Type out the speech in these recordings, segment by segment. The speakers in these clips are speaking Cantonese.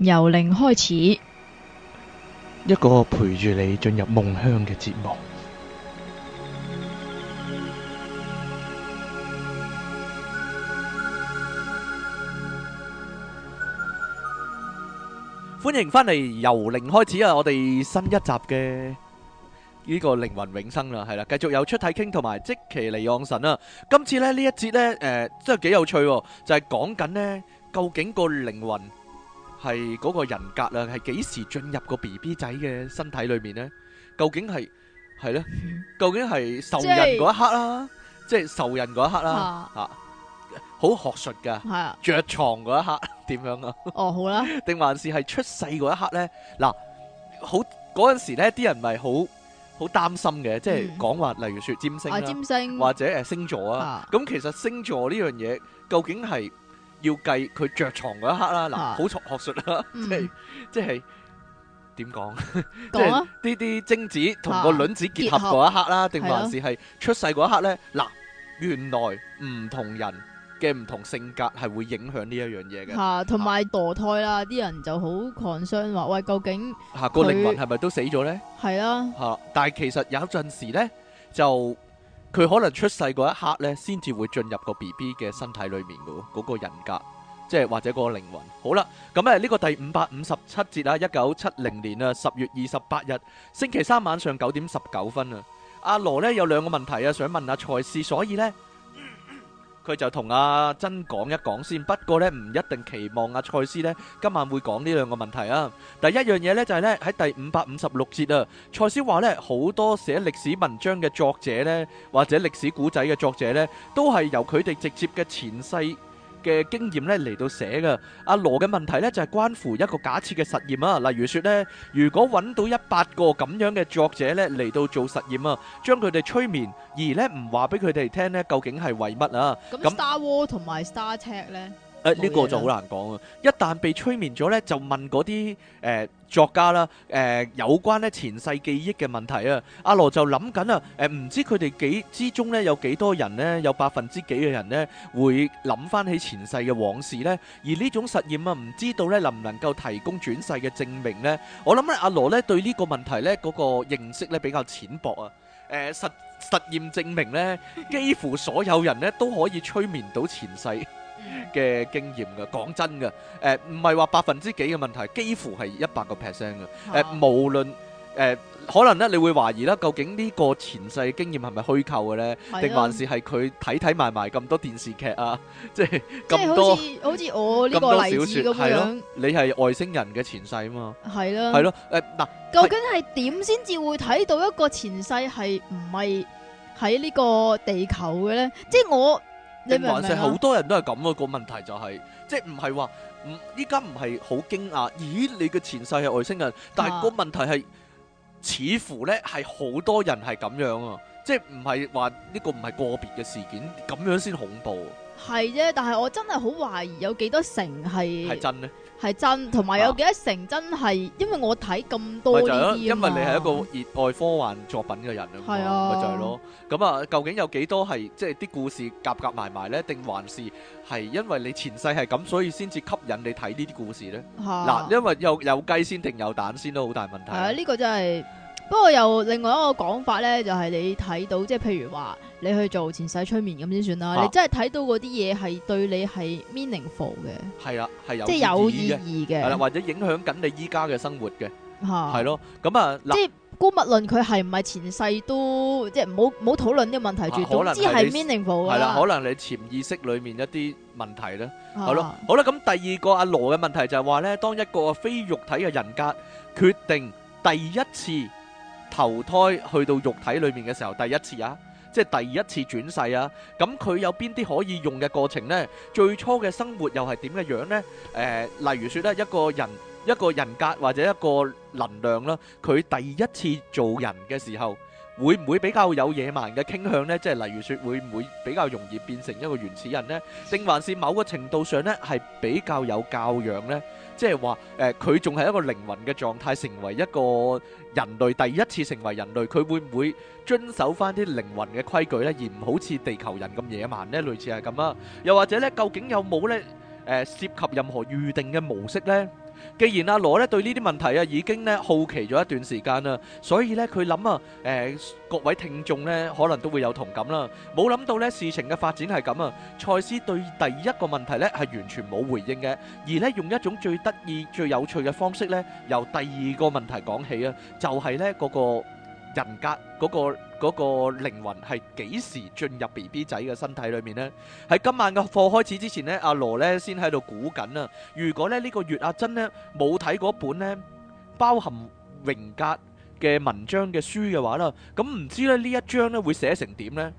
由零開始，一個陪住你進入夢鄉嘅節目。歡迎翻嚟，由零開始啊！我哋新一集嘅呢個靈魂永生啦，係啦，繼續有出體傾同埋即其離盎神啊！今次呢呢一節呢，誒，真係幾有趣，就係講緊呢，究竟個靈魂。係嗰個人格啊，係幾時進入個 BB 仔嘅身體裏面咧？究竟係係咧？究竟係受孕嗰一刻啦，即係受孕嗰一刻啦，吓，好學術噶，係啊，着床嗰一刻點樣啊？哦，好啦，定還是係出世嗰一刻咧？嗱，好嗰陣時咧，啲人咪好好擔心嘅，即係講話，例如說占星啦，占星或者誒星座啊，咁其實星座呢樣嘢究竟係？要計佢着床嗰一刻啦，嗱、啊，好學術啦，嗯、即係即係點講？講啊！呢啲吧精子同個卵子結合嗰一刻啦，定合還是係出世嗰一刻咧？嗱、啊，原來唔同人嘅唔同性格係會影響呢一樣嘢嘅。吓、啊，同埋墮胎啦，啲、啊、人就好 concern 話，喂，究竟吓個靈魂係咪都死咗咧？係啊，吓，但係其實有一陣時咧就。佢可能出世嗰一刻呢，先至會進入個 B B 嘅身體裏面噶喎，嗰、嗰個人格，即係或者個靈魂。好啦，咁誒呢個第五百五十七節啊，一九七零年啊十月二十八日星期三晚上九點十九分啊，阿羅呢，有兩個問題啊，想問下賽斯。所以呢。佢就同阿珍講一講先，不過呢，唔一定期望阿蔡斯呢今晚會講呢兩個問題啊。第一樣嘢呢，就係呢，喺第五百五十六節啊，蔡斯話呢，好多寫歷史文章嘅作者呢，或者歷史古仔嘅作者呢，都係由佢哋直接嘅前世嘅經驗咧嚟到寫噶，阿羅嘅問題咧就係關乎一個假設嘅實驗啊，例如說咧，如果揾到一百個咁樣嘅作者咧嚟到做實驗啊，將佢哋催眠而咧唔話俾佢哋聽咧，究竟係為乜啊？咁 Star War 同埋 Star Trek 咧？誒，呢個就好難講啊！一旦被催眠咗咧，就問嗰啲誒作家啦，誒有關咧前世記憶嘅問題啊。阿羅就諗緊啊，誒唔知佢哋幾之中咧有幾多人咧，有百分之幾嘅人咧會諗翻起前世嘅往事咧？而呢種實驗啊，唔知道咧能唔能夠提供轉世嘅證明咧？我諗咧，阿羅咧對呢個問題咧嗰個認識咧比較淺薄啊。誒，實實驗證明咧，幾乎所有人咧都可以催眠到前世。嘅經驗嘅，講真嘅，誒唔係話百分之幾嘅問題，幾乎係一百個 percent 嘅，誒、啊呃、無論誒、呃，可能咧你會懷疑啦，究竟呢個前世經驗係咪虛構嘅咧，定是、啊、還是係佢睇睇埋埋咁多電視劇啊，即係咁多，好似我呢個例子咁 樣子、啊，你係外星人嘅前世嘛？係啦，係咯，誒嗱，究竟係點先至會睇到一個前世係唔係喺呢個地球嘅咧？即、就、係、是、我。你還是好多人都係咁咯，個問題就係，即係唔係話唔依家唔係好驚訝，咦？你嘅前世係外星人，但係個問題係，似乎咧係好多人係咁樣啊，即係唔係話呢個唔係個別嘅事件，咁樣先恐怖啊。係啫，但係我真係好懷疑有幾多成係係真咧。係真，同埋有幾多成真係？啊、因為我睇咁多呢、啊、因為你係一個熱愛科幻作品嘅人啊，咪、啊、就係咯。咁啊，究竟有幾多係即係啲故事夾夾埋埋呢？定還是係因為你前世係咁，所以先至吸引你睇呢啲故事呢？嗱、啊啊，因為有有雞先定有蛋先都好大問題。係啊，呢、啊呢個真係。不過又另外一個講法咧，就係、是、你睇到即係，譬如話你去做前世催眠咁先算啦。啊、你真係睇到嗰啲嘢係對你係 meaningful 嘅，係啊，係有即係有意義嘅，或者影響緊你依家嘅生活嘅，係咯，咁啊，啊嗯、即係姑勿論佢係唔係前世都即係唔好唔好討論呢個問題，總之係 meaningful 啊，啦、啊啊，可能你潛意識裏面一啲問題咧，係咯好啦。咁第二個阿羅嘅問題就係話咧，當一個非肉體嘅人格決定第一次投胎去到肉體裏面嘅時候，第一次啊，即係第一次轉世啊，咁佢有邊啲可以用嘅過程咧？最初嘅生活又係點嘅樣咧？誒，例如說咧，一個人一個人格或者一個能量啦，佢第一次做人嘅時候，會唔會比較有野蠻嘅傾向咧？即係例如說，會唔會比較容易變成一個原始人咧，定還是某個程度上咧係比較有教養咧？即係話誒，佢仲係一個靈魂嘅狀態，成為一個人類，第一次成為人類，佢會唔會遵守翻啲靈魂嘅規矩呢？而唔好似地球人咁野蠻呢？類似係咁啊？又或者呢，究竟有冇呢誒、呃、涉及任何預定嘅模式呢？既然阿羅咧，對呢啲問題啊已經咧，好奇咗一段時間啦，所以咧佢諗啊，誒、呃、各位聽眾咧可能都會有同感啦，冇諗到咧事情嘅發展係咁啊！賽斯對第一個問題咧係完全冇回應嘅，而咧用一種最得意、最有趣嘅方式咧，由第二個問題講起啊，就係咧嗰個。人格嗰個嗰個靈魂係幾時進入 BB 仔嘅身體裏面呢？喺今晚嘅課開始之前呢，阿羅呢先喺度估緊啦。如果呢呢個月阿珍呢冇睇嗰本呢包含榮格嘅文章嘅書嘅話啦，咁唔知呢呢一章呢會寫成點呢？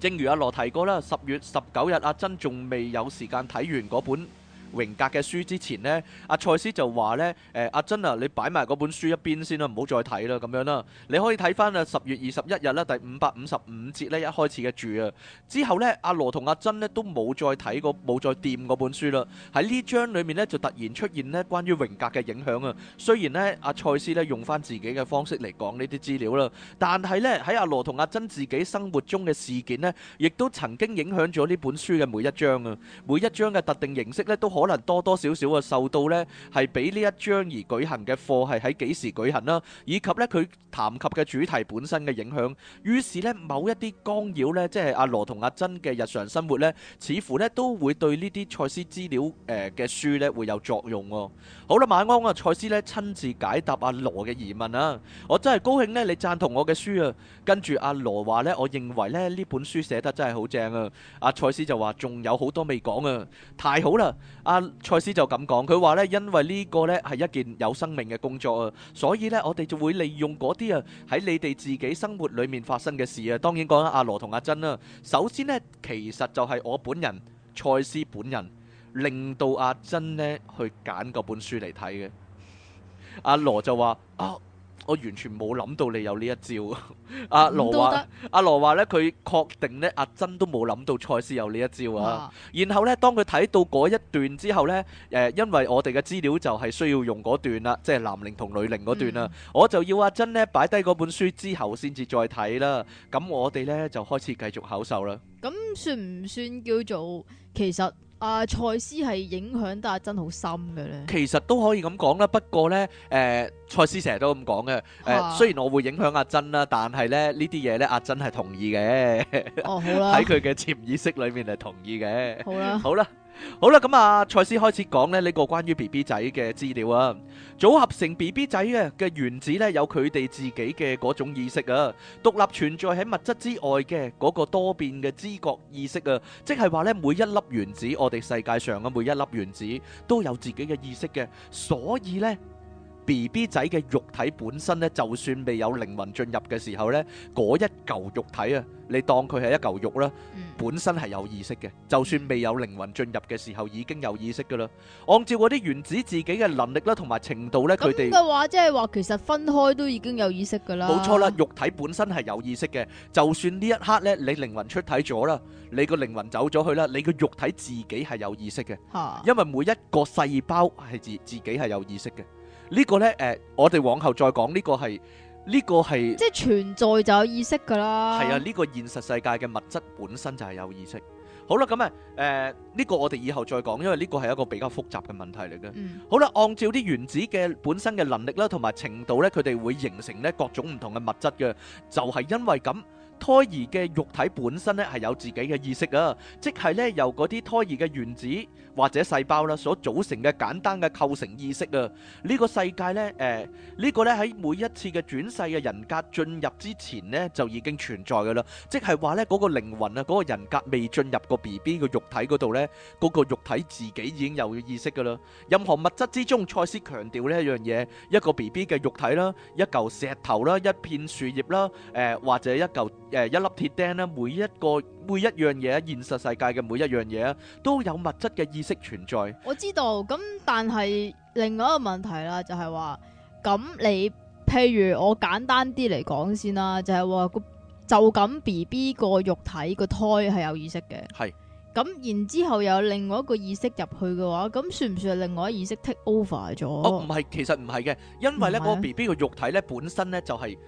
正如阿羅提過啦，十月十九日阿珍仲未有時間睇完嗰本榮格嘅書之前呢、啊欸，阿賽斯就話呢誒阿珍啊，你擺埋嗰本書一邊先啦，唔好再睇啦，咁樣啦，你可以睇翻啊十月二十一日啦，第五百五十五節呢，一開始嘅住啊，之後呢，阿羅同阿珍呢都冇再睇過冇再掂嗰本書啦。喺呢章裡面呢，就突然出現呢關於榮格嘅影響啊。雖然呢，阿、啊、賽斯呢用翻自己嘅方式嚟講呢啲資料啦，但係呢，喺阿羅同阿珍自己生活中嘅事件呢，亦都曾經影響咗呢本書嘅每一章啊，每一章嘅特定形式呢。都。可能多多少少嘅受到呢，係俾呢一張而舉行嘅課係喺幾時舉行啦，以及呢，佢談及嘅主題本身嘅影響。於是呢，某一啲干擾呢，即係阿羅同阿珍嘅日常生活呢，似乎呢，都會對呢啲賽斯資料誒嘅書呢會有作用。好啦，晚安啊，賽斯呢親自解答阿羅嘅疑問啊！我真係高興呢，你贊同我嘅書啊。跟住阿羅話呢，我認為呢，呢本書寫得真係好正啊！阿賽斯就話仲有好多未講啊，太好啦！阿蔡斯就咁講，佢話呢，因為呢個呢係一件有生命嘅工作啊，所以呢，我哋就會利用嗰啲啊喺你哋自己生活裏面發生嘅事啊。當然講緊阿羅同阿珍啦。首先呢，其實就係我本人，蔡斯本人，令到阿珍呢去揀嗰本書嚟睇嘅。阿羅就話啊。我完全冇諗到你有呢一招、 啊，阿羅話阿羅話咧，佢確、啊、定咧阿珍都冇諗到賽斯有呢一招啊。啊然後咧，當佢睇到嗰一段之後咧，誒、呃，因為我哋嘅資料就係需要用嗰段啦，即係男靈同女靈嗰段啦，嗯、我就要阿珍咧擺低嗰本書之後先至再睇啦。咁我哋咧就開始繼續口授啦。咁算唔算叫做其實？啊！蔡思係影響得阿珍好深嘅咧，其實都可以咁講啦。不過咧，誒、呃、蔡思成日都咁講嘅。誒、呃啊、雖然我會影響阿珍啦，但係咧呢啲嘢咧，阿珍係同意嘅。 哦，好啦，喺佢嘅潛意識裏面係同意嘅。好啦吧，好啦。好啦，咁啊，賽斯開始講呢呢、呢個關於 B B 仔嘅資料啊，組合成 B B 仔嘅嘅原子呢，有佢哋自己嘅嗰種意識啊，獨立存在喺物質之外嘅嗰個多變嘅知覺意識啊，即係話呢，每一粒原子，我哋世界上嘅每一粒原子都有自己嘅意識嘅，所以呢。BB 仔嘅肉體本身咧，就算未有靈魂進入嘅時候咧，嗰一嚿肉體啊，你當佢係一嚿肉啦，本身係有意識嘅。就算未有靈魂進入嘅時候，已經有意識噶啦。按照嗰啲原子自己嘅能力啦同埋程度咧，佢哋咁嘅話，即係話其實分開都已經有意識噶啦。冇錯啦，肉體本身係有意識嘅。就算呢一刻咧，你靈魂出體咗啦，你個靈魂走咗去啦，你個肉體自己係有意識嘅。嚇、啊，因為每一個細胞係自自己係有意識嘅。呢個呢，誒、呃，我哋往後再講，呢、這個係，呢、這個係，即係存在就有意識噶啦。係啊，呢、這個現實世界嘅物質本身就係有意識。好啦，咁、呃、啊，誒，呢個我哋以後再講，因為呢個係一個比較複雜嘅問題嚟嘅。嗯、好啦，按照啲原子嘅本身嘅能力啦，同埋程度呢，佢哋會形成呢各種唔同嘅物質嘅，就係、是、因為咁。胎兒嘅肉體本身咧係有自己嘅意識啊，即係咧由嗰啲胎兒嘅原子或者細胞啦所組成嘅簡單嘅構成意識啊。呢、這個世界咧，誒、呃、呢、這個咧喺每一次嘅轉世嘅人格進入之前咧就已經存在㗎喇，即係話咧嗰個靈魂啊，嗰、那個人格未進入個 B B 嘅肉體嗰度咧，嗰、那個肉體自己已經有意識㗎喇。任何物質之中，賽斯強調呢一樣嘢，一個 B B 嘅肉體啦，一嚿石頭啦，一片樹葉啦，誒、呃、或者一嚿。誒、呃，一粒鐵釘咧，每一個，每一樣嘢，現實世界嘅每一樣嘢都有物質嘅意識存在。我知道，咁但係另外一個問題啦，就係、是、話，咁你，譬如我簡單啲嚟講先啦，就係、是、話，就咁 B B 個肉體個胎係有意識嘅，係是，咁然之後有另外一個意識入去嘅話，咁算唔算係另外一意識 take over 咗？哦，唔係，其實唔係嘅，因為咧，嗰、啊、個 B B 個肉體咧本身咧就係、是。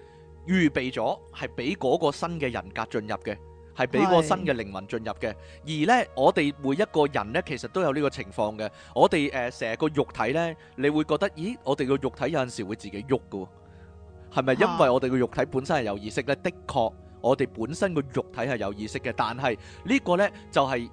預備咗係俾嗰個新嘅人格進入嘅，係俾個新嘅靈魂進入嘅。而咧，我哋每一個人咧，其實都有呢個情況嘅。我哋誒成個肉體咧，你會覺得，咦？我哋個肉體有陣時會自己喐㗎喎，係咪因為我哋個肉體本身係有意識咧？的確，我哋本身個肉體係有意識嘅，但係呢個咧就係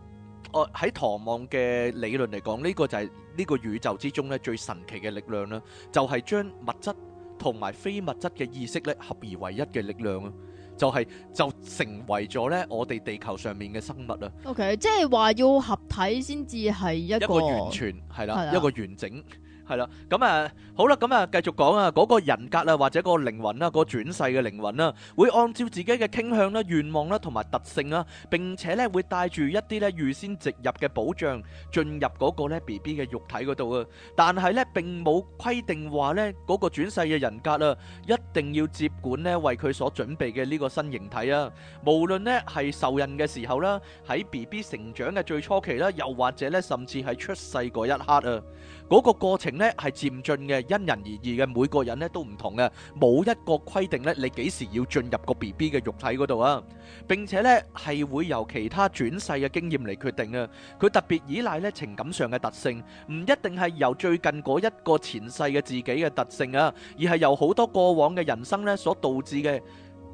我喺唐望嘅理論嚟講，呢個就係呢個宇宙之中咧最神奇嘅力量啦，就係將物質。同埋非物質嘅意識咧合而為一嘅力量啊，就係、是、就成為咗咧我哋地球上面嘅生物啊。OK，即係話要合體先至係一個完全係啦，的一個完整。係啦，咁啊，好啦，咁啊，繼續講啊，嗰個人格啦，或者個靈魂啦，個轉世嘅靈魂啦，會按照自己嘅傾向啦、願望啦，同埋特性啊，並且咧會帶住一啲咧預先植入嘅保障進入嗰個咧 BB 嘅肉體嗰度啊，但係咧並冇規定話咧嗰個轉世嘅人格啊，一定要接管咧為佢所準備嘅呢個新形體啊，無論咧係受孕嘅時候啦，喺 BB 成長嘅最初期啦，又或者咧甚至係出世嗰一刻啊。嗰個過程咧係漸進嘅，因人而異嘅，每個人咧都唔同嘅，冇一個規定咧，你幾時要進入個 BB 嘅肉體嗰度啊。並且咧係會由其他轉世嘅經驗嚟決定啊，佢特別依賴咧情感上嘅特性，唔一定係由最近嗰一個前世嘅自己嘅特性啊，而係由好多過往嘅人生咧所導致嘅。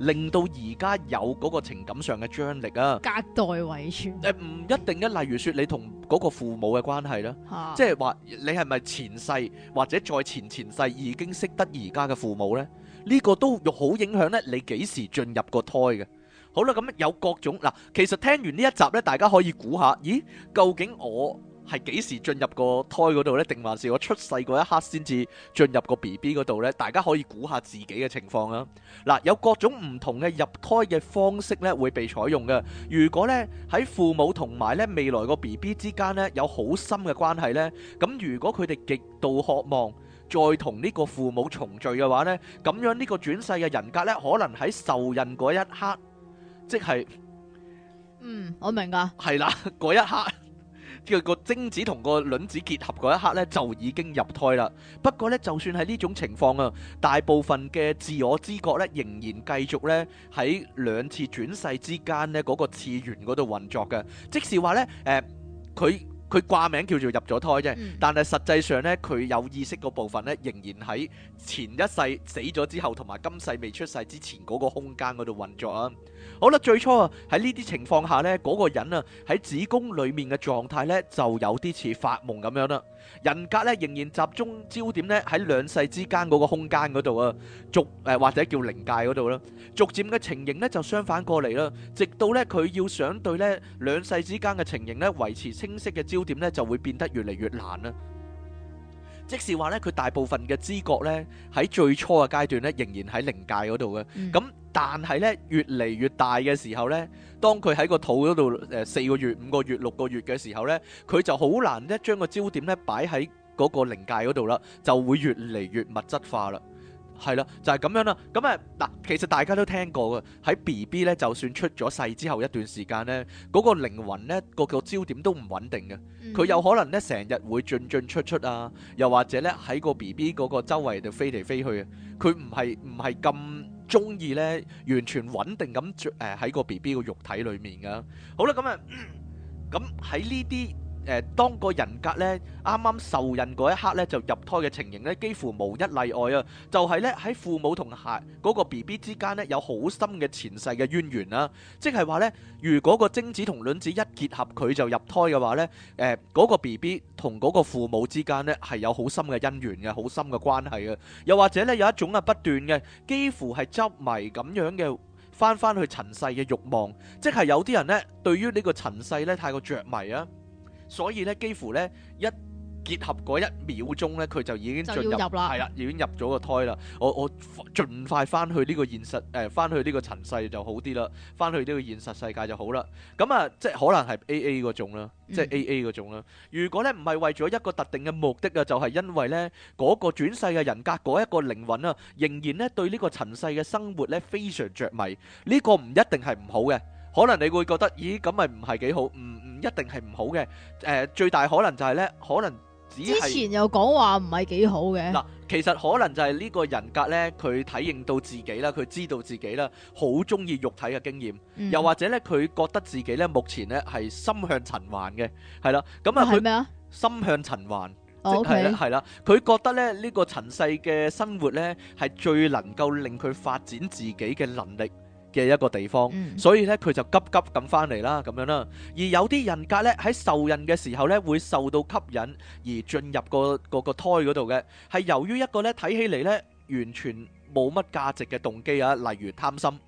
令到而家有嗰個情感上嘅張力啊，隔代遺傳誒唔一定嘅，例如説你同嗰個父母嘅關係啦，即係話你係咪前世或者再前前世已經識得而家嘅父母呢？呢個都好影響呢，你幾時進入個胎嘅？好啦，咁有各種嗱，其實聽完呢一集呢，大家可以估下，咦，究竟我？係幾時進入個胎嗰度咧？定還是我出世嗰一刻先至進入個 BB 嗰度咧？大家可以估下自己嘅情況啊。嗱，有各種唔同嘅入胎嘅方式咧，會被採用嘅。如果咧喺父母同埋咧未來個 BB 之間咧有好深嘅關係咧，咁如果佢哋極度渴望再同呢個父母重聚嘅話咧，咁樣呢個轉世嘅人格咧可能喺受孕嗰一刻，即係，嗯，我明噶，係啦，嗰一刻。即係個精子同個卵子結合嗰一刻咧，就已經入胎啦。不過咧，就算係呢種情況啊，大部分嘅自我知覺咧，仍然繼續咧喺兩次轉世之間咧嗰個次元嗰度運作嘅，即是話咧，誒、呃、佢。佢掛名叫做入咗胎啫，但係實際上呢，佢有意識嗰部分呢，仍然喺前一世死咗之後，同埋今世未出世之前嗰個空間嗰度運作啊！好啦，最初啊，喺呢啲情況下呢，嗰個人啊喺子宮裡面嘅狀態呢，就有啲似發夢咁樣啦。人格咧仍然集中焦點咧喺兩世之間嗰個空間嗰度啊，逐誒、呃、或者叫靈界嗰度啦，逐漸嘅情形咧就相反過嚟啦，直到咧佢要想對咧兩世之間嘅情形咧維持清晰嘅焦點咧，就會變得越嚟越難啦。即是話咧，佢大部分嘅知覺咧，喺最初嘅階段咧，仍然喺靈界嗰度嘅。咁、嗯、但係咧，越嚟越大嘅時候咧，當佢喺個肚嗰度誒四個月、五個月、六個月嘅時候咧，佢就好難咧將個焦點咧擺喺嗰個靈界嗰度啦，就會越嚟越物質化啦。係啦，就係、是、咁樣啦。咁啊，嗱，其實大家都聽過嘅，喺 B B 咧，就算出咗世之後一段時間咧，嗰、那個靈魂咧，個個焦點都唔穩定嘅。佢有可能咧，成日會進進出出啊，又或者咧，喺個 B B 嗰個周圍度飛嚟飛去啊。佢唔係唔係咁中意咧，完全穩定咁誒喺個 B B 個肉體裏面噶。好啦，咁、嗯、啊，咁喺呢啲。誒，當個人格咧，啱啱受孕嗰一刻咧，就入胎嘅情形咧，幾乎無一例外啊。就係咧，喺父母同孩嗰個 B B 之間咧，有好深嘅前世嘅淵源啊。即係話咧，如果個精子同卵子一結合，佢就入胎嘅話咧，誒，嗰個 B B 同嗰個父母之間咧，係有好深嘅姻緣嘅，好深嘅關係啊。又或者咧，有一種啊，不斷嘅，幾乎係執迷咁樣嘅，返返去塵世嘅欲望，即係有啲人咧，對於呢個塵世咧太過着迷啊。所以咧，幾乎咧一結合嗰一秒鐘咧，佢就已經進入係啦，已經入咗個胎啦。我我盡快翻去呢個現實，誒，翻、呃、去呢個塵世就好啲啦，翻去呢個現實世界就好啦。咁啊，即係可能係 A A 嗰種啦，嗯、即係 A A 嗰種啦。如果咧唔係為咗一個特定嘅目的啊，就係、是、因為咧嗰、那個轉世嘅人格嗰一個靈魂啊，仍然咧對呢個塵世嘅生活咧非常著迷，呢、這個唔一定係唔好嘅。可能你會覺得，咦咁咪唔係幾好？唔唔一定係唔好嘅。誒最大可能就係咧，可能只係之前又講話唔係幾好嘅。嗱，其實可能就係呢個人格咧，佢體認到自己啦，佢知道自己啦，好中意肉體嘅經驗。又或者咧，佢覺得自己咧目前咧係心向循環嘅，係啦。咁啊，佢咩啊？心向循環，即係係啦。佢覺得咧呢個塵世嘅生活咧係最能夠令佢發展自己嘅能力嘅一個地方，所以咧佢就急急咁翻嚟啦，咁樣啦。而有啲人格咧喺受孕嘅時候咧，會受到吸引而進入個個個胎嗰度嘅，係由於一個咧睇起嚟咧完全冇乜價值嘅動機啊，例如貪心，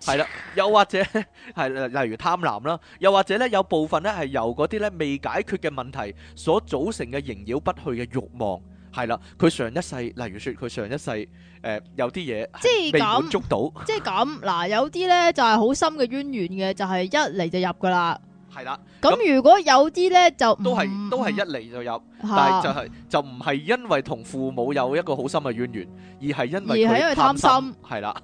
係啦，又或者係例如貪婪啦，又或者咧有部分咧係由嗰啲咧未解決嘅問題所組成嘅縈繞不去嘅慾望。係啦，佢上一世，例如說佢上一世，誒，有啲嘢即係被捉到，即係咁嗱，有啲咧就係好深嘅淵源嘅，就係一嚟就入噶啦。係啦，咁如果有啲咧就都係都係一嚟就入，但係就係就唔係因為同父母有一個好深嘅淵源，而係因為而係因為貪心，係啦。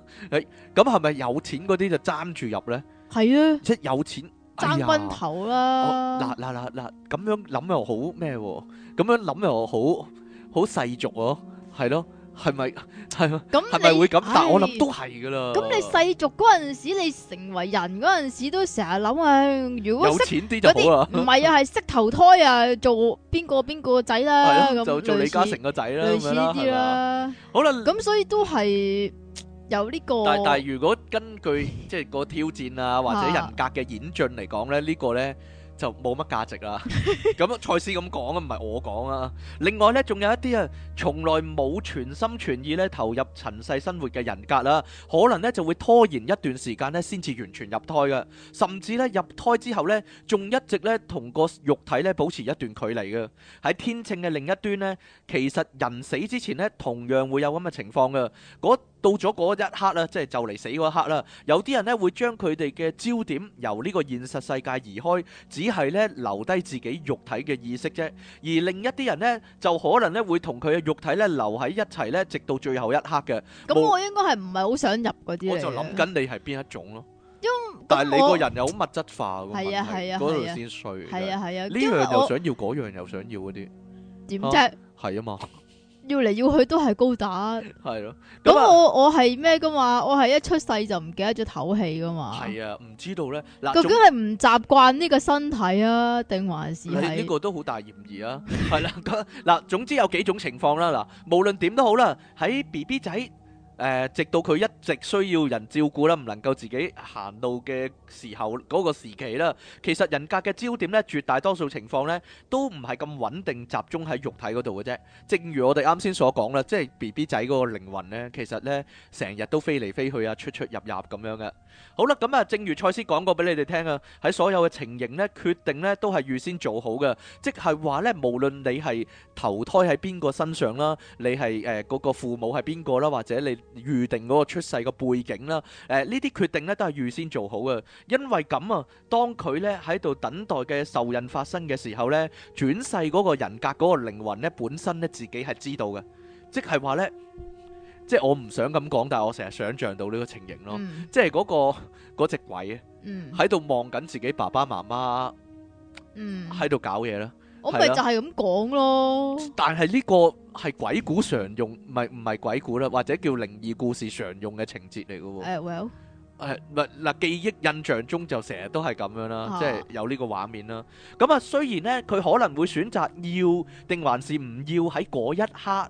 咁係咪有錢嗰啲就爭住入咧？係啊，即係有錢爭崩頭啦。嗱嗱嗱嗱，咁樣諗又好咩？咁樣諗又好。好世俗哦，係咯，係咪係？咁係咪會咁？但我諗都係噶啦。咁你世俗嗰陣時，你成為人嗰陣時，都成日諗啊。如果有錢啲就好啦，唔係啊，係識投胎啊，做邊個邊個仔啦，咁就做李嘉誠個仔啦，類似啲啦。好啦，咁所以都係有呢個。但但如果根據即係個挑戰啊，或者人格嘅演進嚟講咧，呢個咧。 就冇乜價值啦。咁賽斯咁講啊，唔係我講啊。另外呢，仲有一啲啊，從來冇全心全意咧投入塵世生活嘅人格啦，可能呢就會拖延一段時間呢先至完全入胎嘅，甚至呢，入胎之後呢，仲一直咧同個肉體咧保持一段距離嘅。喺天秤嘅另一端呢，其實人死之前呢同樣會有咁嘅情況嘅。嗰到咗嗰一刻啦，即係就嚟死嗰一刻啦，有啲人咧會將佢哋嘅焦點由呢個現實世界移開，只係咧留低自己肉體嘅意識啫。而另一啲人咧就可能咧會同佢嘅肉體咧留喺一齊咧，直到最後一刻嘅。咁我應該係唔係好想入嗰啲。我就諗緊你係邊一種咯。但係你個人又好物質化，係啊係啊，嗰度先衰。係啊係啊，呢樣又想要，嗰樣又想要嗰啲，點啫？係 啊嘛。 要嚟要去都係高達，係咯、 啊。咁我我係咩噶嘛？我係一出世就唔記得咗唞氣噶嘛？係啊，唔知道咧。嗱，究竟係唔習慣呢個身體啊，定還是係？呢個都好大嫌疑啊。係啦，嗱，總之有幾種情況啦。嗱，無論點都好啦，喺 B B 仔。誒，直到佢一直需要人照顧啦，唔能夠自己行路嘅時候嗰個時期啦，其實人格嘅焦點咧，絕大多數情況咧，都唔係咁穩定集中喺肉體嗰度嘅啫。正如我哋啱先所講啦，即係 B B 仔嗰個靈魂咧，其實咧成日都飛嚟飛去啊，出出入入咁樣嘅。好啦，咁啊，正如賽斯講過俾你哋聽啊，喺所有嘅情形咧，決定咧都係預先做好嘅，即係話咧，無論你係投胎喺邊個身上啦，你係誒嗰個父母係邊個啦，或者你。預定嗰個出世個背景啦，誒呢啲決定呢都係預先做好嘅。因為咁啊，當佢呢喺度等待嘅受孕發生嘅時候呢，轉世嗰個人格嗰個靈魂呢本身呢，自己係知道嘅，即係話呢，即係我唔想咁講，但係我成日想象到呢個情形咯，嗯、即係嗰、嗰個嗰隻鬼啊，喺度、嗯、望緊自己爸爸媽媽，喺度、嗯、搞嘢啦。我咪就係咁講咯，但係呢個係鬼故常用，唔係唔係鬼故啦，或者叫靈異故事常用嘅情節嚟噶喎。係，Well，係咪嗱？記憶印象中就成日都係咁樣啦，即係有呢個畫面啦。咁啊，雖然咧佢可能會選擇要定還是唔要喺嗰一刻，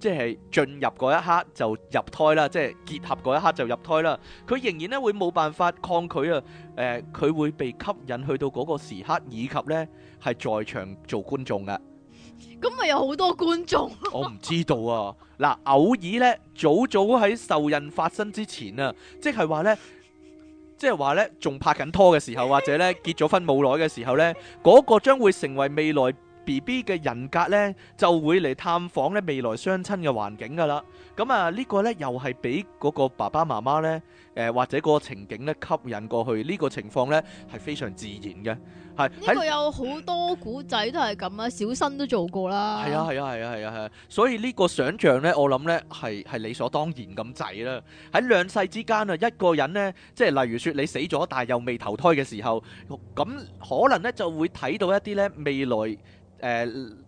即係進入嗰一刻就入胎啦，即係結合嗰一刻就入胎啦。佢仍然咧會冇辦法抗拒啊。誒，佢會被吸引去到嗰個時刻，以及咧。係在場做觀眾嘅，咁咪有好多觀眾。我唔知道啊！嗱，偶爾呢，早早喺受孕發生之前啊，即係話呢，即係話呢，仲拍緊拖嘅時候，或者呢，結咗婚冇耐嘅時候呢，嗰個將會成為未來。B B 嘅人格呢，就會嚟探訪咧未來雙親嘅環境噶啦。咁啊，呢、這個呢，又係俾嗰個爸爸媽媽呢，誒、呃、或者個情景呢，吸引過去。呢、這個情況呢，係非常自然嘅，係呢這個在有好多古仔都係咁啊，小新都做過啦。係啊係啊係啊係啊，係啊，係啊，所以呢個想象呢，我諗呢，係係理所當然咁滯啦。喺兩世之間啊，一個人呢，即係例如說你死咗但係又未投胎嘅時候，咁可能呢，就會睇到一啲呢未來。誒、呃、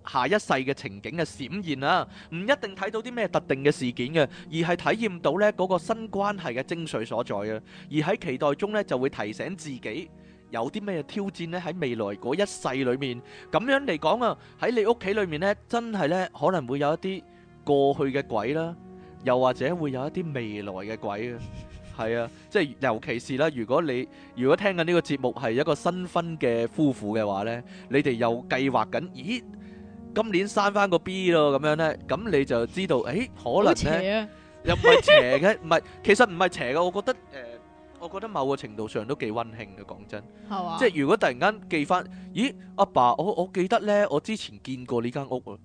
下一世嘅情景嘅閃現啊，唔一定睇到啲咩特定嘅事件嘅、啊，而係體驗到呢嗰、嗰個新關係嘅精髓所在啊！而喺期待中呢，就會提醒自己有啲咩挑戰呢喺未來嗰一世裏面。咁樣嚟講啊，喺你屋企裏面呢，真係呢可能會有一啲過去嘅鬼啦、啊，又或者會有一啲未來嘅鬼啊！係啊，即係尤其是啦，如果你如果聽緊呢個節目係一個新婚嘅夫婦嘅話咧，你哋又計劃緊，咦，今年生翻個 B 咯，咁樣咧，咁你就知道，誒，可能咧邪、啊、又唔係邪嘅，唔係， 其實唔係邪嘅，我覺得，誒、呃，我覺得某個程度上都幾温馨嘅，講真，係啊吧，即係如果突然間記翻，咦，阿爸，爸，我我記得咧，我之前見過呢間屋啊。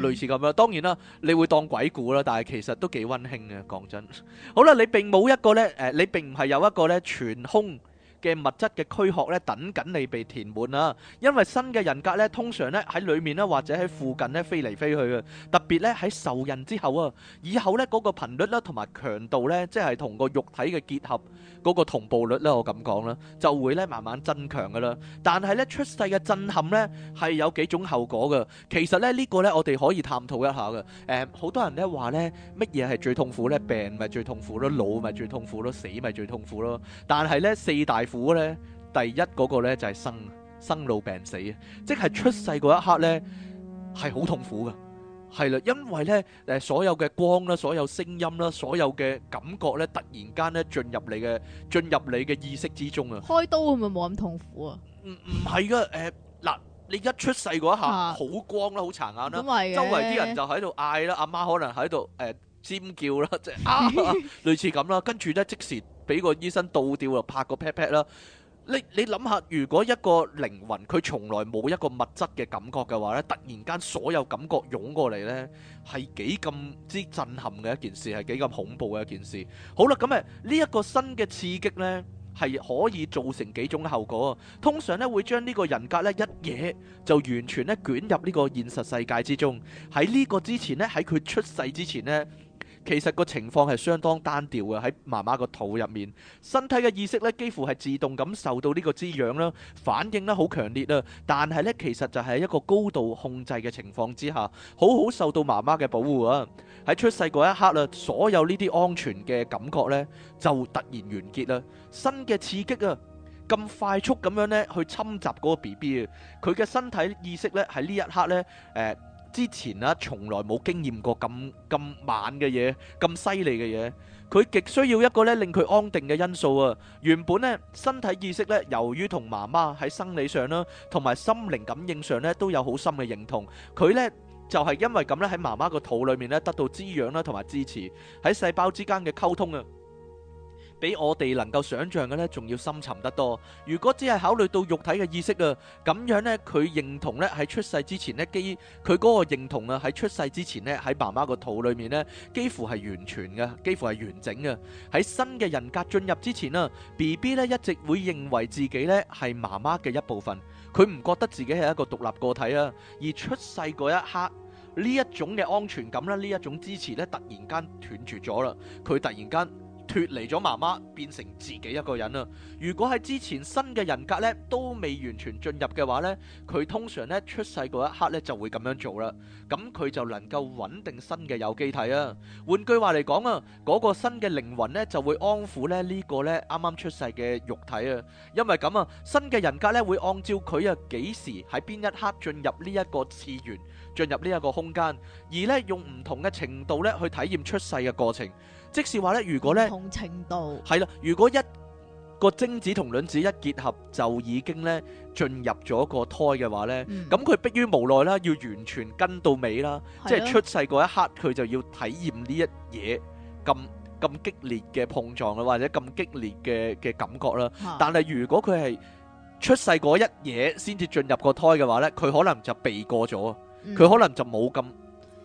類似咁樣，當然啦，你會當鬼故啦，但係其實都幾温馨嘅。講真，好啦，你並冇一個呢，誒、呃，你並唔係有一個呢全空嘅物質嘅軀殼呢等緊你被填滿啊！因為新嘅人格呢，通常呢喺裡面呢，或者喺附近呢飛嚟飛去嘅。特別呢，喺受孕之後啊，以後呢嗰個頻率啦，同埋強度呢，即係同個肉體嘅結合。嗰個同步率咧，我咁講啦，就會咧慢慢增強噶啦。但係咧，出世嘅震撼咧，係有幾種後果嘅。其實咧呢個咧，我哋可以探討一下嘅。誒、嗯，好多人咧話咧乜嘢係最痛苦咧？病咪最痛苦咯，老咪最痛苦咯，死咪最痛苦咯。但係咧，四大苦咧，第一嗰個咧就係生生老病死，即係出世嗰一刻咧係好痛苦嘅。係啦，因為咧，誒，所有嘅光啦，所有聲音啦，所有嘅感覺咧，突然間咧，進入你嘅進入你嘅意識之中啊！開刀會唔會冇咁痛苦啊？唔唔係噶，誒，嗱、呃，你一出世嗰下，好、啊、光啦，好殘眼啦，周圍啲人就喺度嗌啦，阿媽可能喺度誒尖叫啦、啊啊， 即係類似咁啦，跟住咧即時俾個醫生倒吊又拍個 pat pat 啦。你你諗下，如果一個靈魂佢從來冇一個物質嘅感覺嘅話咧，突然間所有感覺湧過嚟呢，係幾咁之震撼嘅一件事，係幾咁恐怖嘅一件事。好啦，咁誒呢一個新嘅刺激呢，係可以造成幾種嘅後果。通常呢，會將呢個人格呢，一夜就完全呢捲入呢個現實世界之中。喺呢個之前呢，喺佢出世之前呢。其實個情況係相當單調嘅，喺媽媽個肚入面，身體嘅意識咧幾乎係自動感受到呢個滋養啦，反應咧好強烈啊！但係咧其實就係一個高度控制嘅情況之下，好好受到媽媽嘅保護啊！喺出世嗰一刻啊，所有呢啲安全嘅感覺咧就突然完結啦，新嘅刺激啊，咁快速咁樣咧去侵襲嗰個 BB 啊，佢嘅身體意識咧喺呢一刻咧誒。之前啊，從來冇經驗過咁咁猛嘅嘢，咁犀利嘅嘢，佢極需要一個咧令佢安定嘅因素啊！原本咧身體意識咧，由於同媽媽喺生理上啦，同埋心靈感應上咧都有好深嘅認同，佢咧就係因為咁咧喺媽媽個肚裡面咧得到滋養啦，同埋支持喺細胞之間嘅溝通啊！比我哋能夠想象嘅咧，仲要深沉得多。如果只係考慮到肉體嘅意識啊，咁樣咧，佢認同咧喺出世之前咧，基佢嗰個認同啊，喺出世之前咧，喺媽媽個肚裏面咧，幾乎係完全嘅，幾乎係完整嘅。喺新嘅人格進入之前啊，BB 咧一直會認為自己咧係媽媽嘅一部分，佢唔覺得自己係一個獨立個體啊。而出世嗰一刻，呢一種嘅安全感啦，呢一種支持咧，突然間斷絕咗啦，佢突然間。脫離咗媽媽，變成自己一個人啦。如果喺之前新嘅人格咧都未完全進入嘅話咧，佢通常咧出世嗰一刻咧就會咁樣做啦。咁佢就能夠穩定新嘅有機體啊。換句話嚟講啊，嗰個新嘅靈魂咧就會安撫咧呢個咧啱啱出世嘅肉體啊。因為咁啊，新嘅人格咧會按照佢啊幾時喺邊一刻進入呢一個次元，進入呢一個空間，而咧用唔同嘅程度咧去體驗出世嘅過程。即是話咧，如果咧，同程度係啦，如果一個精子同卵子一結合就已經咧進入咗個胎嘅話咧，咁佢、嗯、迫於無奈啦，要完全跟到尾啦，嗯、即係出世嗰一刻佢就要體驗呢一嘢咁咁激烈嘅碰撞啊，或者咁激烈嘅嘅感覺啦。啊、但係如果佢係出世嗰一嘢先至進入個胎嘅話咧，佢可能就避過咗佢、嗯、可能就冇咁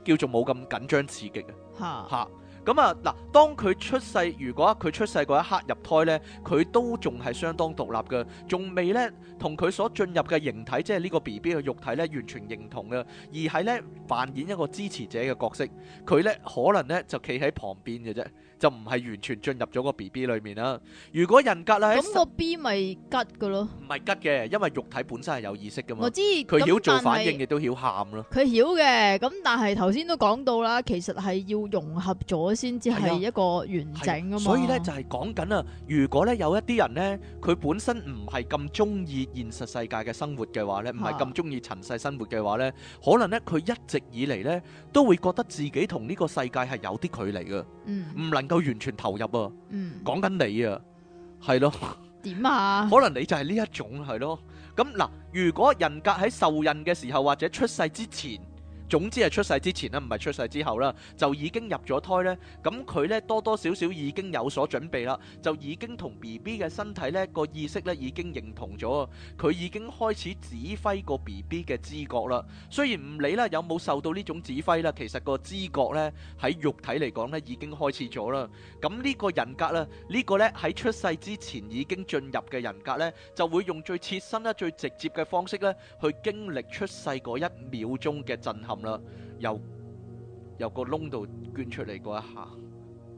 叫做冇咁緊張刺激啊，吓、啊。啊咁啊，嗱，當佢出世，如果佢出世嗰一刻入胎呢，佢都仲係相當獨立嘅，仲未呢同佢所進入嘅形體，即係呢個 B B 嘅肉體呢，完全認同嘅，而係呢扮演一個支持者嘅角色，佢呢可能呢就企喺旁邊嘅啫。就唔係完全進入咗個 B B 裏面啦。如果人格咧，咁個 B 咪吉噶咯？唔係吉嘅，因為肉體本身係有意識噶嘛。我知佢曉做反應，亦都曉喊咯。佢曉嘅，咁但係頭先都講到啦，其實係要融合咗先至係一個完整㗎嘛。所以咧，就係講緊啊，如果咧有一啲人咧，佢本身唔係咁中意現實世界嘅生活嘅話咧，唔係咁中意塵世生活嘅話咧，可能咧佢一直以嚟咧都會覺得自己同呢個世界係有啲距離嘅。嗯，唔能夠完全投入啊，嗯，講緊你啊，係咯，點啊？可能你就係呢一種，係咯。咁嗱，如果人格喺受孕嘅時候或者出世之前。總之係出世之前啦，唔係出世之後啦，就已經入咗胎咧。咁佢咧多多少少已經有所準備啦，就已經同 B B 嘅身體咧個意識咧已經認同咗，佢已經開始指揮個 B B 嘅知覺啦。雖然唔理啦有冇受到呢種指揮啦，其實個知覺咧喺肉體嚟講咧已經開始咗啦。咁呢個人格咧，呢個咧喺出世之前已經進入嘅人格咧，就會用最切身啦、最直接嘅方式咧去經歷出世嗰一秒鐘嘅震撼。啦，由由個窿度捐出嚟嗰一下。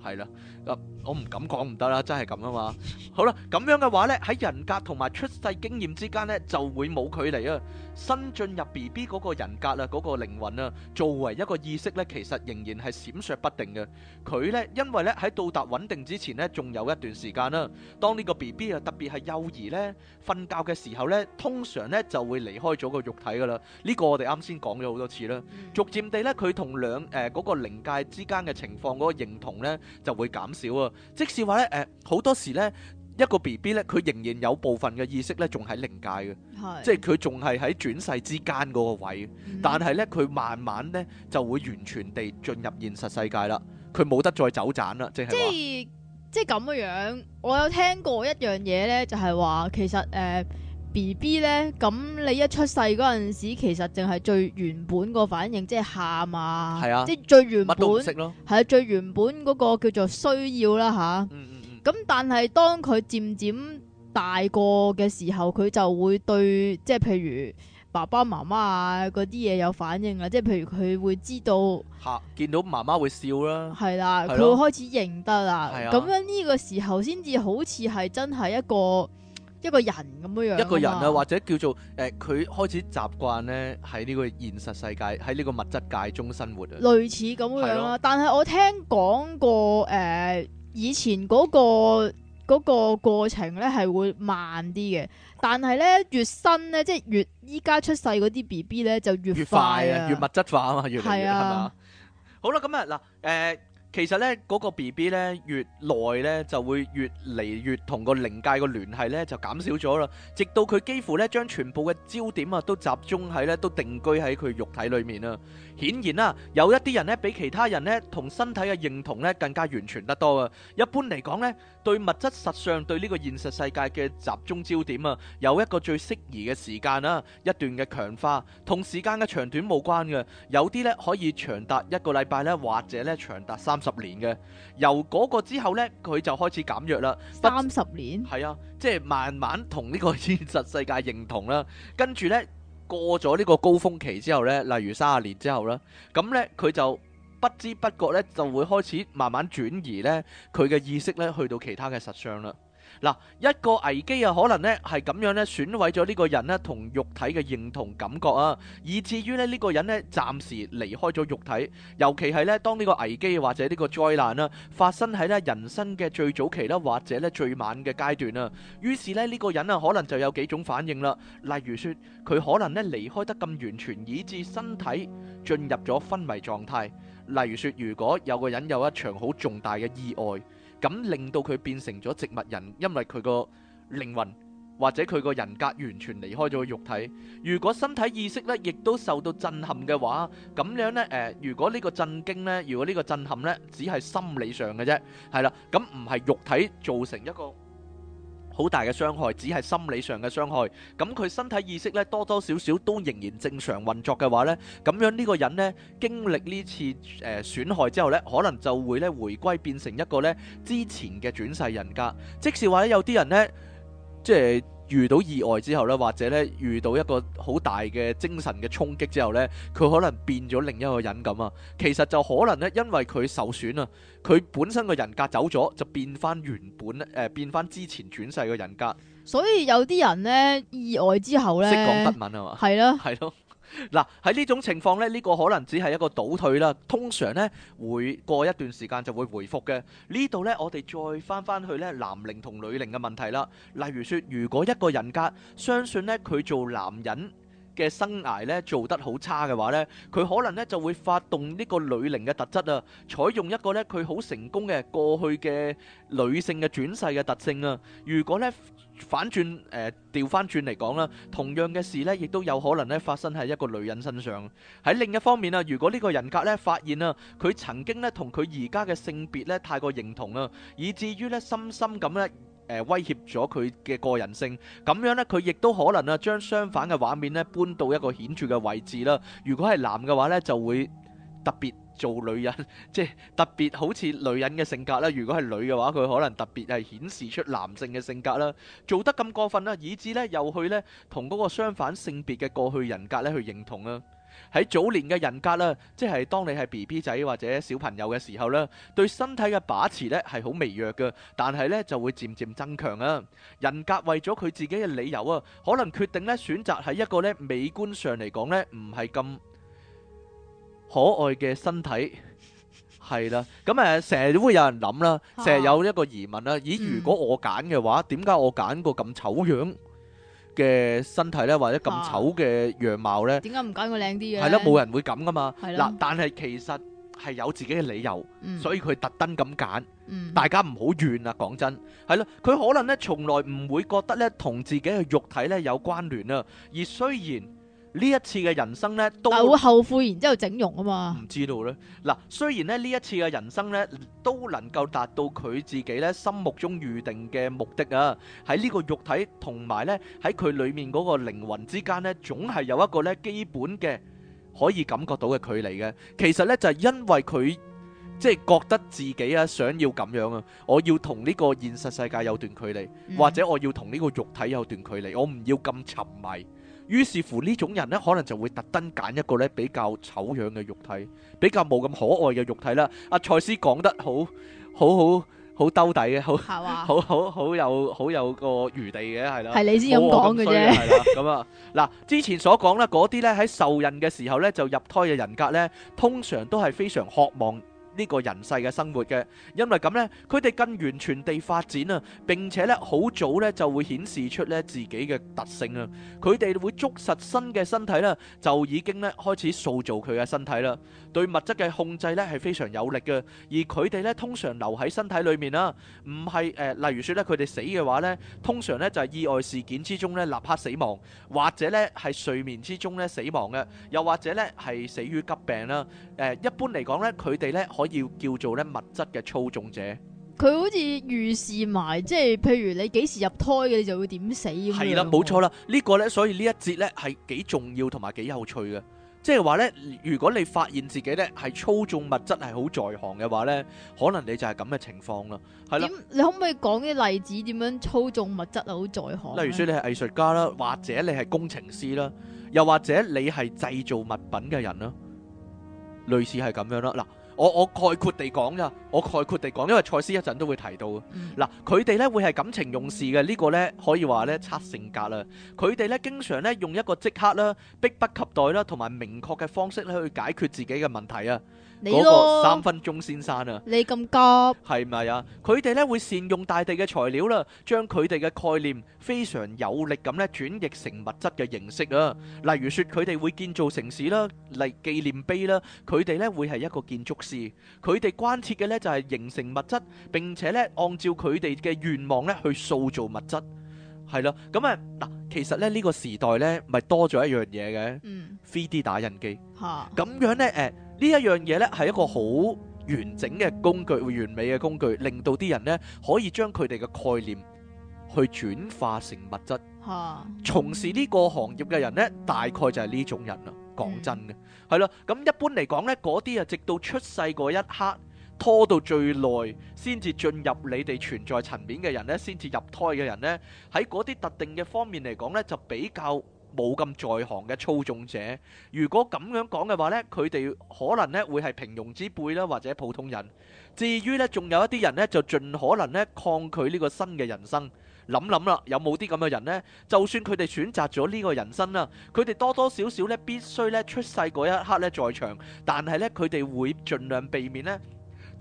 係啦，咁我唔敢講唔得啦，真係咁啊嘛。好啦，咁樣嘅話咧，喺人格同埋出世經驗之間咧，就會冇距離啊。新進入 BB 嗰個人格啊，嗰個靈魂啊，作為一個意識咧，其實仍然係閃爍不定嘅。佢咧，因為咧喺到達穩定之前咧，仲有一段時間啦。當呢個 BB 啊，特別係幼兒咧，瞓覺嘅時候咧，通常咧就會離開咗個肉體噶啦。呢個我哋啱先講咗好多次啦。逐漸地咧，佢同兩誒嗰個靈界之間嘅情況嗰個認同咧，就會減少啊！即使話咧，誒、呃、好多時咧，一個 B B 咧，佢仍然有部分嘅意識咧，仲喺靈界嘅，是即係佢仲係喺轉世之間嗰個位。嗯、但係咧，佢慢慢咧就會完全地進入現實世界啦。佢冇得再走盞啦、就是，即係即係即係咁嘅樣。我有聽過一樣嘢咧，就係、是、話其實誒。呃 B B 咧，咁你一出世嗰陣時，其實淨係最原本個反應，即係喊啊，啊即係最原本，乜都識咯，係啊，最原本嗰個叫做需要啦、啊、吓。咁、啊嗯嗯嗯、但係當佢漸漸大個嘅時候，佢就會對，即係譬如爸爸媽媽啊嗰啲嘢有反應啊，即係譬如佢會知道，吓、啊、見到媽媽會笑啦，係啦、啊，佢會開始認得啦，咁、啊、樣呢個時候先至好似係真係一個。一個人咁樣樣一個人啊，或者叫做誒，佢、呃、開始習慣咧喺呢個現實世界喺呢個物質界中生活啊，類似咁樣啦。的但係我聽講過誒、呃，以前嗰個嗰個過程咧係會慢啲嘅，但係咧越新咧即係越依家出世嗰啲 B B 咧就越快越快啊，越物質化啊嘛，越嚟越係咪啊？好啦，咁啊嗱誒。呃其實咧，嗰個 B B 咧越耐咧就會越嚟越同個靈界嘅聯繫咧就減少咗啦，直到佢幾乎咧將全部嘅焦點啊都集中喺咧都定居喺佢肉體裏面啦。顯然啊，有一啲人咧比其他人咧同身體嘅認同咧更加完全得多啊。一般嚟講咧，對物質實上對呢個現實世界嘅集中焦點啊，有一個最適宜嘅時間啦，一段嘅強化同時間嘅長短冇關嘅，有啲咧可以長達一個禮拜咧，或者咧長達三。十年嘅，由嗰個之後呢，佢就開始減弱啦。三十年係啊，即係慢慢同呢個現實世界認同啦。跟住呢，過咗呢個高峰期之後呢，例如三十年之後呢，咁呢，佢就不知不覺呢，就會開始慢慢轉移呢，佢嘅意識呢，去到其他嘅實相啦。嗱，一個危機啊，可能咧係咁樣咧，損毀咗呢個人咧同肉體嘅認同感覺啊，以至於咧呢個人咧暫時離開咗肉體，尤其係咧當呢個危機或者呢個災難啊發生喺咧人生嘅最早期啦，或者咧最晚嘅階段啦，於是咧呢個人啊可能就有幾種反應啦，例如說佢可能咧離開得咁完全，以致身體進入咗昏迷狀態；例如說如果有個人有一場好重大嘅意外。咁令到佢變成咗植物人，因為佢個靈魂或者佢個人格完全離開咗個肉體。如果身體意識咧，亦都受到震撼嘅話，咁樣咧，誒，如果呢個震驚咧，如果呢個震撼咧，只係心理上嘅啫，係啦，咁唔係肉體造成一個。好大嘅傷害，只係心理上嘅傷害。咁佢身體意識咧多多少少都仍然正常運作嘅話呢，咁樣呢個人呢，經歷呢次誒損害之後呢，可能就會咧回歸變成一個呢之前嘅轉世人格。即係話咧有啲人呢，即係。遇到意外之後咧，或者咧遇到一個好大嘅精神嘅衝擊之後咧，佢可能變咗另一個人咁啊。其實就可能咧，因為佢受損啊，佢本身嘅人格走咗，就變返原本誒、呃，變返之前轉世嘅人格。所以有啲人咧意外之後咧，識講德文啊嘛，係咯，係咯。嗱喺呢種情況呢，呢個可能只係一個倒退啦。通常呢，會過一段時間就會回覆嘅。呢度呢，我哋再翻翻去呢，男靈同女靈嘅問題啦。例如說，如果一個人格相信呢，佢做男人嘅生涯呢做得好差嘅話呢，佢可能呢就會發動呢個女靈嘅特質啊，採用一個呢，佢好成功嘅過去嘅女性嘅轉世嘅特性啊。如果呢。反轉，誒，調返轉嚟講啦，同樣嘅事呢亦都有可能咧發生喺一個女人身上。喺另一方面啊，如果呢個人格呢發現啊，佢曾經呢同佢而家嘅性別呢太過認同啊，以至於呢深深咁呢誒威脅咗佢嘅個人性，咁樣呢佢亦都可能啊將相反嘅畫面呢搬到一個顯著嘅位置啦。如果係男嘅話呢，就會特別。做女人即係特別好似女人嘅性格啦。如果係女嘅話，佢可能特別係顯示出男性嘅性格啦。做得咁過分啦，以致咧又去咧同嗰個相反性別嘅過去人格咧去認同啊。喺早年嘅人格啊，即係當你係 BB 仔或者小朋友嘅時候咧，對身體嘅把持咧係好微弱嘅，但係咧就會漸漸增強啊。人格為咗佢自己嘅理由啊，可能決定咧選擇喺一個咧美觀上嚟講咧唔係咁，可愛嘅身體係啦，咁誒成日都會有人諗啦，成日有一個疑問啦。咦，如果我揀嘅話，點解我揀個咁醜樣嘅身體咧，或者咁醜嘅樣貌咧？點解唔揀個靚啲嘅？係咯，冇人會咁噶嘛。嗱，但係其實係有自己嘅理由，所以佢特登咁揀。大家唔好怨啊！講真，係啦，佢可能咧從來唔會覺得咧同自己嘅肉體咧有關聯啊。而雖然，呢一次嘅人生咧，都好後悔，然之後整容啊嘛。唔知道咧。嗱，雖然咧呢一次嘅人生咧都能夠達到佢自己咧心目中預定嘅目的啊，喺呢個肉體同埋咧喺佢裏面嗰個靈魂之間咧，總係有一個咧基本嘅可以感覺到嘅距離嘅。其實咧就係因為佢即係覺得自己啊想要咁樣啊，我要同呢個現實世界有段距離，或者我要同呢個肉體有段距離，我唔要咁沉迷。於是乎呢種人咧，可能就會特登揀一個咧比較醜樣嘅肉體，比較冇咁可愛嘅肉體啦。阿賽斯講得好好好好兜底嘅，好好好好，好有好有個餘地嘅，係啦。係你先咁講嘅啫，係啦。咁啊，嗱之前所講咧，嗰啲咧喺受孕嘅時候咧，就入胎嘅人格咧，通常都係非常渴望。呢個人世嘅生活嘅，因為咁呢，佢哋更完全地發展啊，並且呢，好早呢就會顯示出呢自己嘅特性啊。佢哋會捉實新嘅身體啦，就已經呢開始塑造佢嘅身體啦。對物質嘅控制呢係非常有力嘅，而佢哋呢通常留喺身體裏面啦，唔係誒，例如說咧佢哋死嘅話呢，通常呢就係意外事件之中呢立刻死亡，或者呢係睡眠之中呢死亡嘅，又或者呢係死於急病啦。誒、呃、一般嚟講呢，佢哋呢。可以叫做咧物質嘅操縱者，佢好似預示埋，即係譬如你幾時入胎嘅，你就會點死。係啦，冇錯啦，呢個咧，所以呢一節咧係幾重要同埋幾有趣嘅，即係話咧，如果你發現自己咧係操縱物質係好在行嘅話咧，可能你就係咁嘅情況啦。係啦，你可唔可以講啲例子點樣操縱物質啊好在行？例如說你係藝術家啦，或者你係工程師啦，又或者你係製造物品嘅人啦，類似係咁樣啦。嗱。我我概括地講呀，我概括地講，因為賽斯一陣都會提到。嗱，佢哋咧會係感情用事嘅，呢個咧可以話咧測性格啦。佢哋咧經常咧用一個即刻啦、迫不及待啦同埋明確嘅方式咧去解決自己嘅問題啊。你嗰個三分鐘先生啊！你咁急係咪啊？佢哋咧會善用大地嘅材料啦，將佢哋嘅概念非常有力咁咧，轉譯成物質嘅形式啊。例如說，佢哋會建造城市啦，嚟紀念碑啦。佢哋咧會係一個建築師，佢哋關切嘅咧就係形成物質，並且咧按照佢哋嘅願望咧去塑造物質。係啦，咁啊嗱，其實咧呢個時代咧咪多咗一樣嘢嘅，嗯，3D 打印機吓，咁樣咧誒。呢一樣嘢呢係一個好完整嘅工具，完美嘅工具，令到啲人呢可以將佢哋嘅概念去轉化成物質。哈！從事呢個行業嘅人呢，大概就係呢種人啦。講真嘅，係啦。咁一般嚟講呢，嗰啲啊，直到出世嗰一刻，拖到最耐先至進入你哋存在層面嘅人呢，先至入胎嘅人呢，喺嗰啲特定嘅方面嚟講呢，就比較冇咁在行嘅操縱者，如果咁樣講嘅話呢，佢哋可能呢會係平庸之輩啦，或者普通人。至於呢，仲有一啲人呢，就盡可能呢抗拒呢個新嘅人生。諗諗啦，有冇啲咁嘅人呢？就算佢哋選擇咗呢個人生啦，佢哋多多少少呢必須呢出世嗰一刻呢在場，但係呢佢哋會盡量避免呢。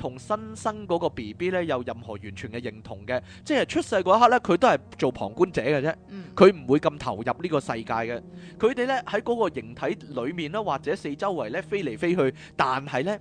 同新生嗰個 BB 呢有任何完全嘅認同嘅，即係出世嗰一刻呢，佢都係做旁觀者嘅啫，佢唔會咁投入呢個世界嘅。佢哋呢喺嗰個形體裡面啦，或者四周圍呢飛嚟飛去，但係呢。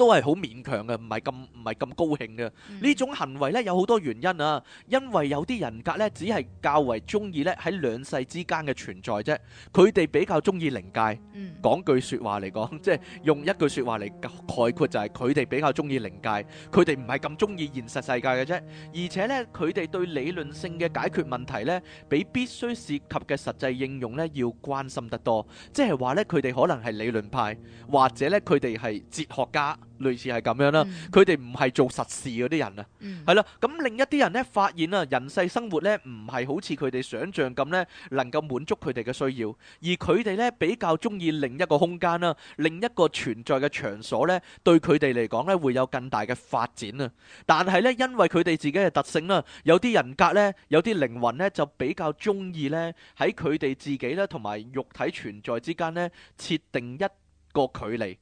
都係好勉強嘅，唔係咁，唔係咁高興嘅。呢種行為呢有好多原因啊，因為有啲人格呢只係較為中意呢喺兩世之間嘅存在啫。佢哋比較中意靈界，講句說話嚟講，即係用一句說話嚟概括就係佢哋比較中意靈界，佢哋唔係咁中意現實世界嘅啫。而且呢佢哋對理論性嘅解決問題呢，比必須涉及嘅實際應用呢要關心得多。即係話呢佢哋可能係理論派，或者呢佢哋係哲學家。類似係咁樣啦，佢哋唔係做實事嗰啲人啊，係啦。咁另一啲人呢，發現啊，人世生活呢，唔係好似佢哋想像咁呢，能夠滿足佢哋嘅需要。而佢哋呢比較中意另一個空間啦，另一個存在嘅場所呢，對佢哋嚟講呢，會有更大嘅發展啊。但係呢，因為佢哋自己嘅特性啦，有啲人格呢，有啲靈魂呢，就比較中意呢，喺佢哋自己呢同埋肉體存在之間呢，設定一個距離。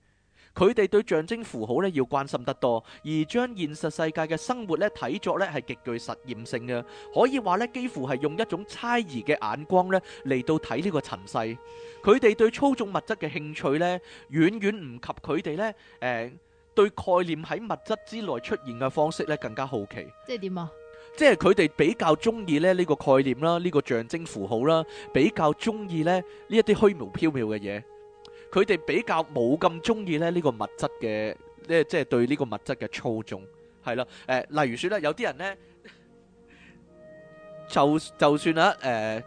佢哋對象徵符號咧要關心得多，而將現實世界嘅生活咧睇作咧係極具實驗性嘅，可以話咧幾乎係用一種猜疑嘅眼光咧嚟到睇呢個塵世。佢哋對操縱物質嘅興趣咧遠遠唔及佢哋咧誒對概念喺物質之內出現嘅方式咧更加好奇。即係點啊？即係佢哋比較中意咧呢個概念啦，呢個象徵符號啦，比較中意咧呢一啲虛無縹緲嘅嘢。佢哋比較冇咁中意咧呢個物質嘅，咧即係對呢個物質嘅操縱，係咯，誒、呃，例如說咧，有啲人咧，就就算啊，誒、呃，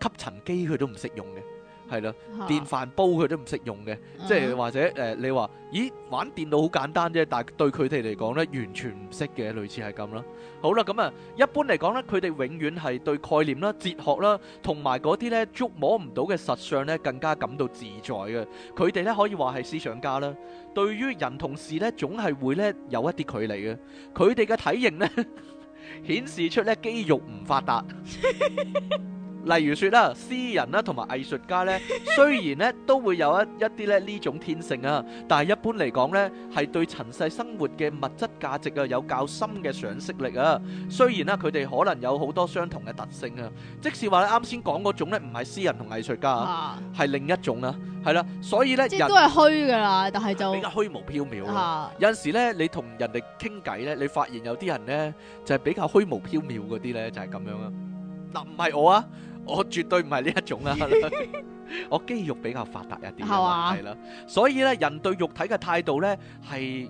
吸塵機佢都唔識用嘅。係咯，電飯煲佢都唔識用嘅，即係或者誒、呃、你話，咦玩電腦好簡單啫，但係對佢哋嚟講咧，完全唔識嘅，類似係咁啦。好啦，咁啊，一般嚟講咧，佢哋永遠係對概念啦、哲學啦，同埋嗰啲咧捉摸唔到嘅實相咧，更加感到自在嘅。佢哋咧可以話係思想家啦。對於人同事咧，總係會咧有一啲距離嘅。佢哋嘅體型咧， 顯示出咧肌肉唔發達。 例如說啦，詩人啦同埋藝術家咧，雖然咧都會有一一啲咧呢種天性啊，但係一般嚟講咧，係對塵世生活嘅物質價值啊有較深嘅賞識力啊。雖然啦，佢哋可能有好多相同嘅特性啊。即使話你啱先講嗰種咧唔係詩人同藝術家啊，係另一種啊，係啦，所以咧即係都係虛噶啦，但係就比較虛無縹緲啊。有陣時咧，你同人哋傾偈咧，你發現有啲人咧就係比較虛無縹緲嗰啲咧，就係咁樣啊。嗱，唔係我啊。我絕對唔係呢一種啦。 我肌肉比較發達一啲，係啊，係啦，所以咧，人對肉體嘅態度咧係。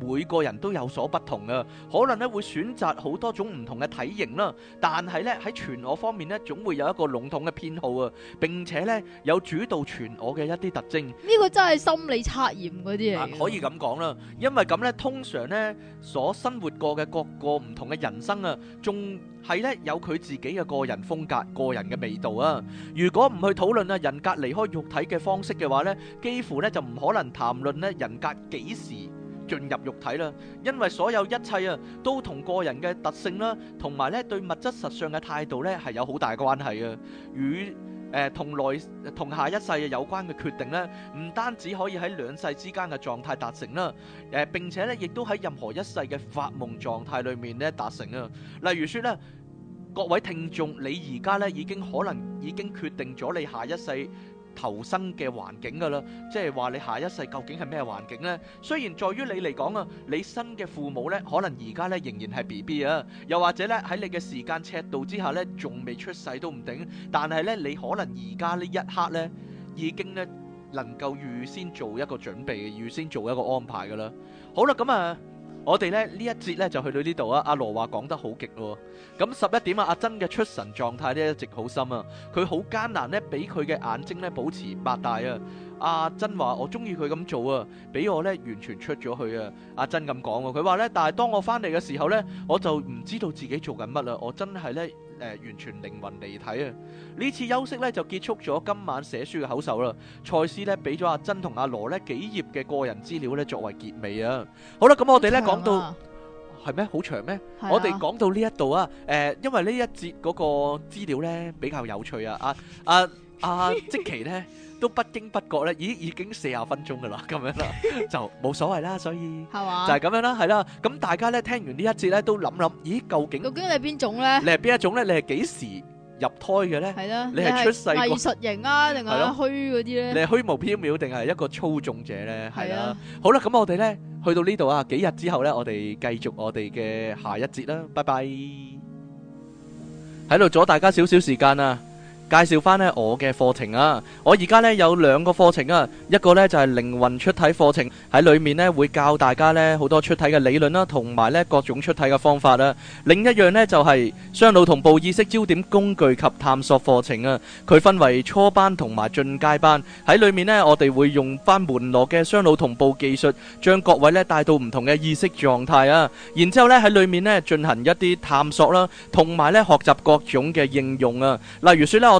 每個人都有所不同啊，可能咧會選擇好多種唔同嘅體型啦。但係咧喺全我方面咧，總會有一個籠統嘅偏好啊。並且咧有主導全我嘅一啲特徵。呢個真係心理測驗嗰啲嚟，可以咁講啦。因為咁咧，通常咧所生活過嘅各個唔同嘅人生啊，仲係咧有佢自己嘅個人風格、個人嘅味道啊。如果唔去討論啊人格離開肉體嘅方式嘅話咧，幾乎咧就唔可能談論咧人格幾時進入肉體啦，因為所有一切啊，都同個人嘅特性啦，同埋咧對物質實相嘅態度咧，係有好大嘅關係啊。與誒同內同下一世有關嘅決定咧，唔單止可以喺兩世之間嘅狀態達成啦，誒並且咧亦都喺任何一世嘅發夢狀態裏面咧達成啊。例如說咧，各位聽眾，你而家咧已經可能已經決定咗你下一世，投生嘅環境噶啦，即係話你下一世究竟係咩環境呢？雖然在於你嚟講啊，你新嘅父母呢，可能而家呢仍然係 BB 啊，又或者呢喺你嘅時間尺度之下呢，仲未出世都唔定。但係呢，你可能而家呢一刻呢，已經呢能夠預先做一個準備，預先做一個安排噶啦。好啦，咁啊。我哋咧呢一節咧就去到呢度啊，羅、哦！阿羅話講得好極咯，咁十一點啊，阿珍嘅出神狀態咧一直好深啊，佢好艱難咧，俾佢嘅眼睛咧保持擘大啊！阿珍話我中意佢咁做啊，俾我咧完全出咗去啊！阿珍咁講喎，佢話咧，但係當我翻嚟嘅時候咧，我就唔知道自己做緊乜啦，我真係咧。誒、呃，完全靈魂離體啊！呢次休息咧就結束咗今晚寫書嘅口授啦。賽斯咧俾咗阿珍同阿羅呢幾頁嘅個人資料咧作為結尾啊。好啦，咁我哋咧講到係咩？好長咩？我哋講到呢一度啊。誒、啊啊呃，因為呢一節嗰個資料咧比較有趣啊。阿阿阿即奇咧。 都不經不覺咧，咦？已經四十分鐘噶啦，咁樣啦，就冇所謂啦。所以係嘛，就係咁樣啦，係啦。咁大家咧聽完呢一節咧，都諗諗，咦？究竟究竟你係邊種咧？你係邊一種咧？你係幾時入胎嘅咧？係啦，你係出世藝術型啊，定係虛嗰啲咧？你係虛無縹緲定係一個操縱者咧？係啦。好啦，咁我哋咧去到呢度啊，幾日之後咧，我哋繼續我哋嘅下一節啦。拜拜，喺度阻大家少少時間啊！介紹翻呢我嘅課程啊！我而家呢有兩個課程啊，一個呢就係靈魂出體課程，喺裏面呢會教大家呢好多出體嘅理論啦，同埋呢各種出體嘅方法啦。另一樣呢就係雙腦同步意識焦點工具及探索課程啊，佢分為初班同埋進階班，喺裏面呢我哋會用翻門羅嘅雙腦同步技術，將各位呢帶到唔同嘅意識狀態啊。然之後呢喺裏面呢進行一啲探索啦，同埋呢學習各種嘅應用啊，例如説呢我。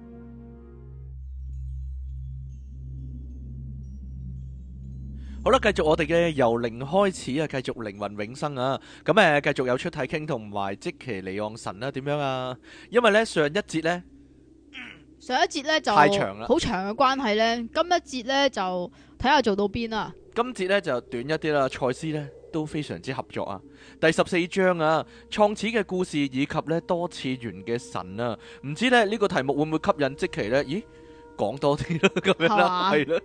好啦，繼續我哋嘅由零開始啊，繼續靈魂永生啊，咁、啊、誒，繼續有出體傾同埋即其離岸神啦、啊，點樣啊？因為咧上一節咧，上一節咧就太長啦，好長嘅關係咧，今一節咧就睇下做到邊啦。今節咧就短一啲啦，賽斯咧都非常之合作啊。第十四章啊，創始嘅故事以及咧多次元嘅神啊，唔知咧呢、這個題目會唔會吸引即其咧？咦，講多啲啦，咁 樣啦，係啦。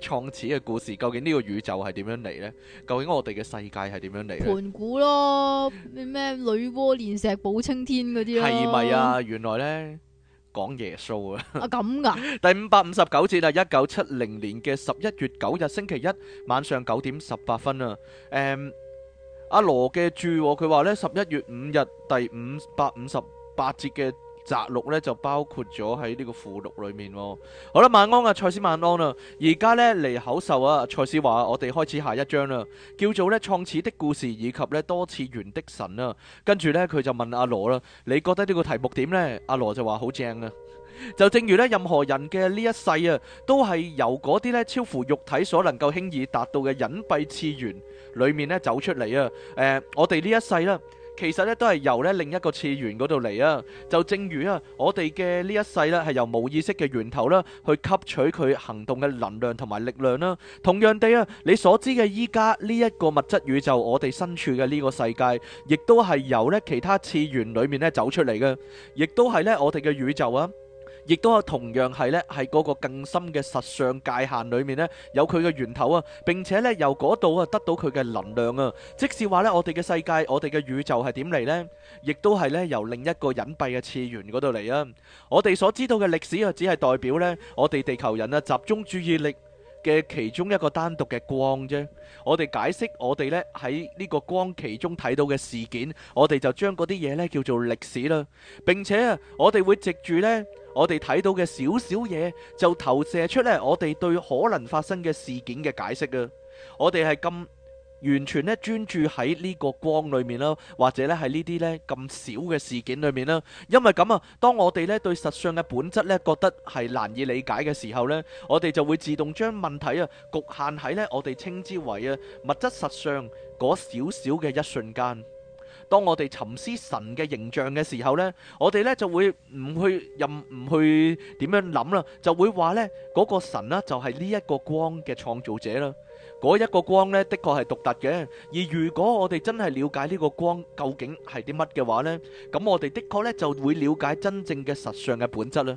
創始嘅故事，究竟呢個宇宙係點樣嚟咧？究竟我哋嘅世界係點樣嚟？盤古咯，咩女媧煉石補青天嗰啲咯？係咪啊？原來咧講耶穌啊？啊咁噶？第五百五十九節啊，一九七零年嘅十一月九日星期一晚上九點十八分啊，誒，阿羅嘅註佢話咧十一月五日第五百五十八節嘅。摘錄咧就包括咗喺呢個附錄裏面咯。好啦，晚安啊，賽斯晚安啦、啊。而家呢嚟，口授啊，賽斯話我哋開始下一章啦，叫做呢創始的故事以及呢多次元的神啦、啊。跟住呢，佢就問阿羅啦，你覺得呢個題目點呢？」阿羅就話好正啊。 就正如呢，任何人嘅呢一世啊，都係由嗰啲呢超乎肉體所能夠輕易達到嘅隱蔽次元裏面呢走出嚟啊。誒、呃，我哋呢一世啦、啊。其實咧都係由咧另一個次元嗰度嚟啊！就正如啊，我哋嘅呢一世啦，係由無意識嘅源頭啦，去吸取佢行動嘅能量同埋力量啦。同樣地啊，你所知嘅依家呢一個物質宇宙，我哋身處嘅呢個世界，亦都係由咧其他次元裏面咧走出嚟嘅，亦都係咧我哋嘅宇宙啊。亦都啊，同樣係咧，喺嗰個更深嘅實相界限裏面呢有佢嘅源頭啊。並且呢由嗰度啊得到佢嘅能量啊。即使話呢，我哋嘅世界，我哋嘅宇宙係點嚟呢？亦都係呢由另一個隱蔽嘅次元嗰度嚟啊。我哋所知道嘅歷史啊，只係代表呢我哋地球人啊集中注意力嘅其中一個單獨嘅光啫。我哋解釋我哋呢喺呢個光其中睇到嘅事件，我哋就將嗰啲嘢呢叫做歷史啦。並且啊，我哋會藉住呢，我哋睇到嘅少少嘢，就投射出咧我哋對可能發生嘅事件嘅解釋啊！我哋係咁完全呢專注喺呢個光裏面啦，或者呢喺呢啲呢咁少嘅事件裏面啦。因為咁啊，當我哋呢對實相嘅本質呢覺得係難以理解嘅時候呢，我哋就會自動將問題啊局限喺呢我哋稱之為啊物質實相嗰少少嘅一瞬間。當我哋沉思神嘅形象嘅時候呢，我哋呢就會唔去任唔去點樣諗啦，就會話呢嗰個神呢就係呢一個光嘅創造者啦。嗰一個光呢的確係獨特嘅，而如果我哋真係了解呢個光究竟係啲乜嘅話呢，咁我哋的確呢就會了解真正嘅實相嘅本質啦。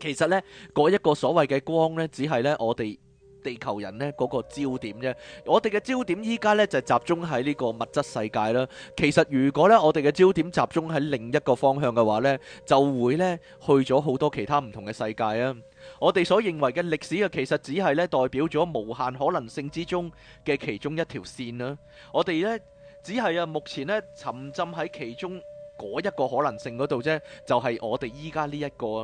其實呢，嗰一個所謂嘅光呢，只係呢我哋。地球人呢嗰個焦點啫，我哋嘅焦點依家呢就集中喺呢個物質世界啦。其實如果呢，我哋嘅焦點集中喺另一個方向嘅話呢，就會呢去咗好多其他唔同嘅世界啊。我哋所認為嘅歷史啊，其實只係呢代表咗無限可能性之中嘅其中一條線啦。我哋呢只係啊目前呢沉浸喺其中嗰一個可能性嗰度啫，就係、是、我哋依家呢一個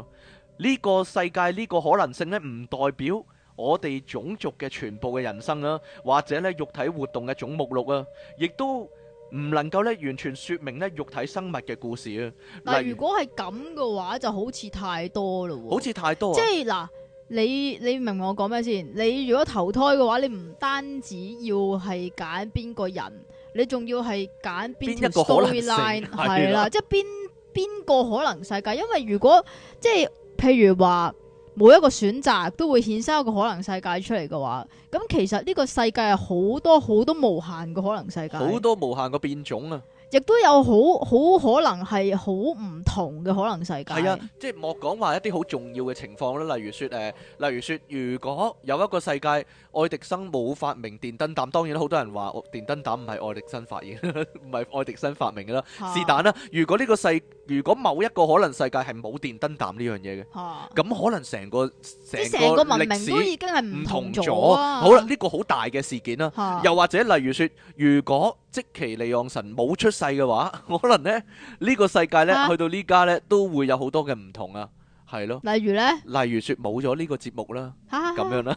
呢、呢個世界呢個可能性呢唔代表。我哋種族嘅全部嘅人生啊，或者咧肉體活動嘅總目錄啊，亦都唔能夠咧完全說明咧肉體生物嘅故事啊。嗱，如果係咁嘅話，就好似太多咯，啊，好似太多。即係嗱，你你明我講咩先？你如果投胎嘅話，你唔單止要係揀邊個人，你仲要係揀邊一個 storyline 係啦。即係邊邊個可能世界？因為如果即係譬如話。每一個選擇都會衍生一個可能世界出嚟嘅話，咁其實呢個世界係好多好多無限嘅可能世界，好多無限嘅變種啊。亦都有好好可能係好唔同嘅可能世界。係啊，即係莫講話一啲好重要嘅情況啦，例如說誒、呃、例如說如果有一個世界愛迪生冇發明電燈膽，當然啦，好多人話電燈膽唔係愛迪生發現，唔係愛迪生發明嘅啦， 是但啦的。如果呢個世，如果某一個可能世界係冇電燈膽呢樣嘢嘅，咁可能成個成個,個文明都已經係唔同咗。了好啦，呢、呢個好大嘅事件啦。的的又或者例如說如果即奇利昂神冇出。細嘅話，可能咧呢、呢個世界呢，哈去到呢家呢，都會有好多嘅唔同啊，係咯。例如呢，例如說冇咗呢個節目啦，咁哈樣啦，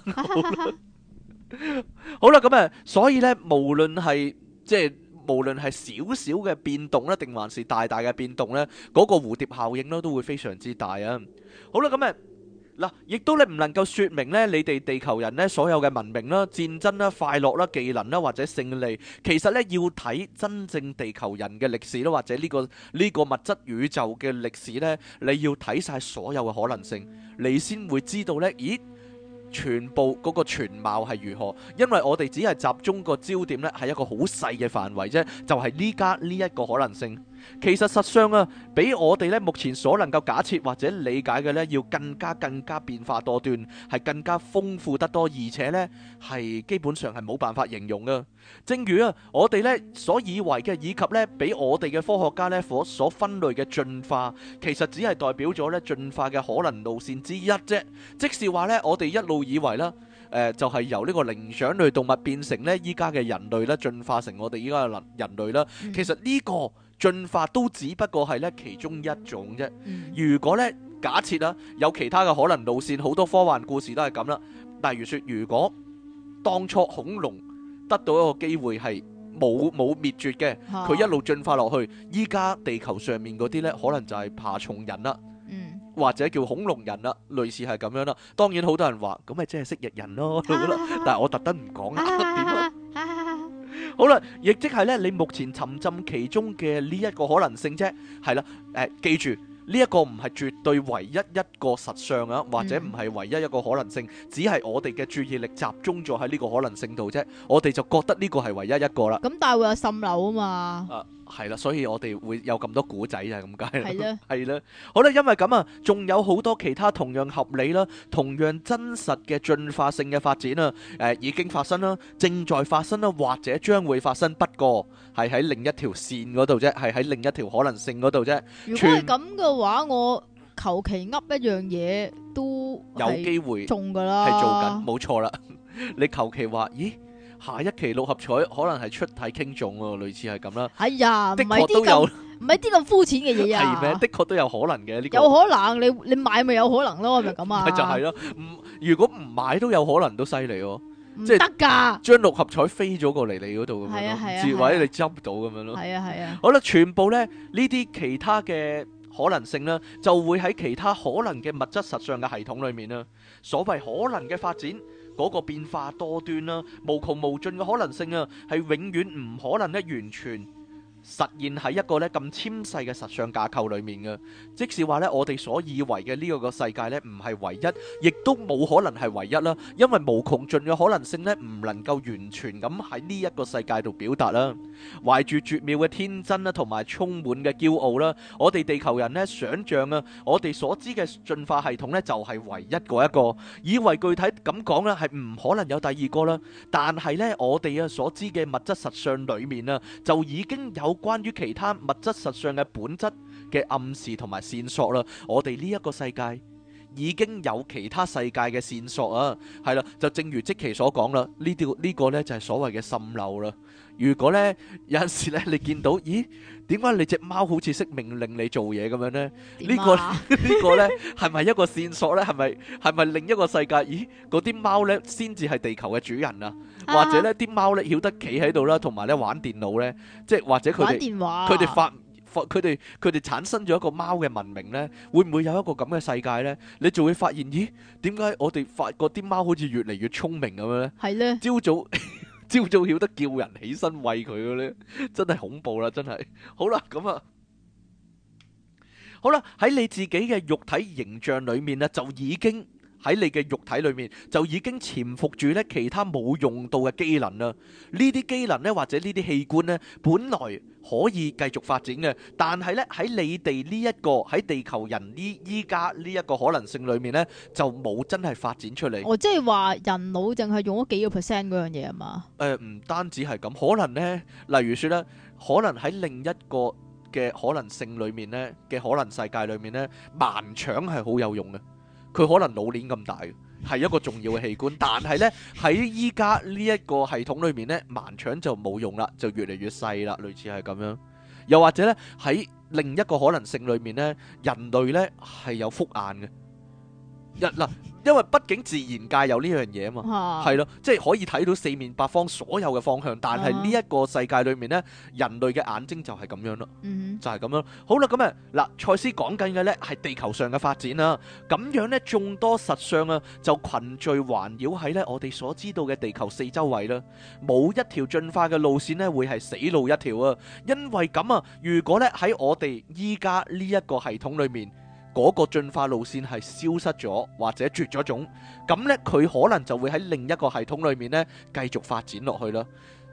好啦，咁啊， 所以呢，無論係即係無論係少少嘅變動呢，定還是大大嘅變動呢，嗰個蝴蝶效應咧都會非常之大啊。好啦，咁啊。嗱，亦都你唔能夠說明咧，你哋地球人咧所有嘅文明啦、戰爭啦、快樂啦、技能啦或者勝利，其實咧要睇真正地球人嘅歷史啦，或者呢、呢個呢、呢個物質宇宙嘅歷史咧，你要睇晒所有嘅可能性，你先會知道呢，咦，全部嗰個全貌係如何？因為我哋只係集中個焦點呢係一個好細嘅範圍啫，就係呢家呢一個可能性。其實實上啊，比我哋咧目前所能夠假設或者理解嘅咧，要更加更加變化多端，係更加豐富得多，而且呢，係基本上係冇辦法形容㗎。正如啊，我哋呢所以為嘅，以及呢俾我哋嘅科學家呢，所所分類嘅進化，其實只係代表咗呢進化嘅可能路線之一啫。即是話呢，我哋一路以為啦，誒、呃、就係、是、由呢個靈長類動物變成呢，依家嘅人類啦，進化成我哋依家嘅人人類啦。其實呢、呢個。進化都只不過係咧其中一種啫。如果咧假設啦，有其他嘅可能路線，好多科幻故事都係咁啦。例如說，如果當初恐龍得到一個機會係冇冇滅絕嘅，佢一路進化落去，依家地球上面嗰啲咧可能就係爬蟲人啦，嗯、或者叫恐龍人啦，類似係咁樣啦。當然好多人話，咁咪即係蜥蜴人咯。啊啊啊啊，但係我特登唔講啊。好啦，亦即係咧，你目前沉浸其中嘅呢一個可能性啫，係啦，誒、呃，記住呢一個唔係絕對唯一一個實相啊，或者唔係唯一一個可能性，嗯、只係我哋嘅注意力集中咗喺呢個可能性度啫，我哋就覺得呢個係唯一一個啦。咁但係會有滲漏啊嘛。啊係啦，所以我哋會有咁多古仔就係咁解啦。係啦的，好啦，因為咁啊，仲有好多其他同樣合理啦，同樣真實嘅進化性嘅發展啊，誒、呃，已經發生啦，正在發生啦，或者將會發生。不過係喺另一條線嗰度啫，係喺另一條可能性嗰度啫。如果係咁嘅話，我求其噏一樣嘢都有機會中噶啦，係做緊，冇錯啦。你求其話，咦？下一期六合彩可能係出睇傾中喎，類似係咁啦。係、哎、呀，的確都有，唔係啲咁膚淺嘅嘢啊。係咩？的確都有可能嘅呢、呢個。有可能你你買咪有可能咯，咪咁啊？咪就係咯，唔如果唔買都有可能都犀利喎，即係得噶。將六合彩飛咗過嚟你嗰度咁樣咯，或者你執到咁樣咯。係啊係啊，好啦，全部咧呢啲其他嘅可能性啦，就會喺其他可能嘅物質實上嘅系統裏面啦。所謂可能嘅發展。嗰個變化多端啦、啊，無窮無盡嘅可能性啊，係永遠唔可能嘅完全，實現喺一個呢咁纖細嘅實相架構裏面嘅，即使話呢我哋所以為嘅呢個個世界呢唔係唯一，亦都冇可能係唯一啦，因為無窮盡嘅可能性呢唔能夠完全咁喺呢一個世界度表達啦。懷住絕妙嘅天真啦，同埋充滿嘅驕傲啦，我哋地球人呢想像啊，我哋所知嘅進化系統呢就係唯一嗰一個，以為具體咁講呢係唔可能有第二個啦。但係呢我哋啊所知嘅物質實相裏面啊就已經有。關於其他物質實相嘅本質嘅暗示同埋線索啦，我哋呢一個世界已經有其他世界嘅線索啊，係啦，就正如積奇所講啦，呢條呢個咧、這個、就係所謂嘅滲漏啦。如果咧有陣時咧，你見到咦？點解你隻貓好似識命令你做嘢咁樣咧？呢個呢個咧係咪一個線索咧？係咪係咪另一個世界？咦？嗰啲貓咧先至係地球嘅主人啊？或者咧啲貓咧曉得企喺度啦，同埋咧玩電腦咧，即係或者佢哋佢哋發發佢哋佢哋產生咗一個貓嘅文明咧？會唔會有一個咁嘅世界咧？你就會發現咦？點解我哋發覺啲貓好似越嚟越聰明咁樣咧？係咧，朝早。朝早曉得叫人起身餵佢嘅咧，真係恐怖啦！真係，好啦，咁啊，好啦，喺你自己嘅肉體形象裏面啊，就已經。喺你嘅肉體裏面，就已經潛伏住咧其他冇用到嘅機能啦。呢啲機能咧，或者呢啲器官咧，本來可以繼續發展嘅，但係咧喺你哋呢一個喺地球人呢依家呢一個可能性裏面咧，就冇真係發展出嚟。哦，即係話人腦淨係用咗幾個 percent 嗰樣嘢係嘛？誒，唔單止係咁，可能咧，例如説咧，可能喺另一個嘅可能性裏面咧嘅可能世界裏面咧，盲腸係好有用嘅。佢可能腦鏈咁大，係一個重要嘅器官。但係呢，喺依家呢一個系統裏面咧，盲腸就冇用啦，就越嚟越細啦，類似係咁樣。又或者呢，喺另一個可能性裏面咧，人類呢係有複眼嘅。因為畢竟自然界有呢樣嘢嘛，係咯、啊，即係可以睇到四面八方所有嘅方向，但係呢一個世界裏面呢，人類嘅眼睛就係咁樣咯，嗯、哼就係咁樣。好啦，咁、嗯、啊，嗱，賽斯講緊嘅呢係地球上嘅發展啦，咁樣呢，眾多實相啊就群聚環繞喺呢我哋所知道嘅地球四周圍啦，冇一條進化嘅路線呢，會係死路一條啊，因為咁啊，如果呢喺我哋依家呢一個系統裏面。嗰個進化路線係消失咗或者絕咗種，咁呢佢可能就會喺另一個系統裏面呢繼續發展落去啦。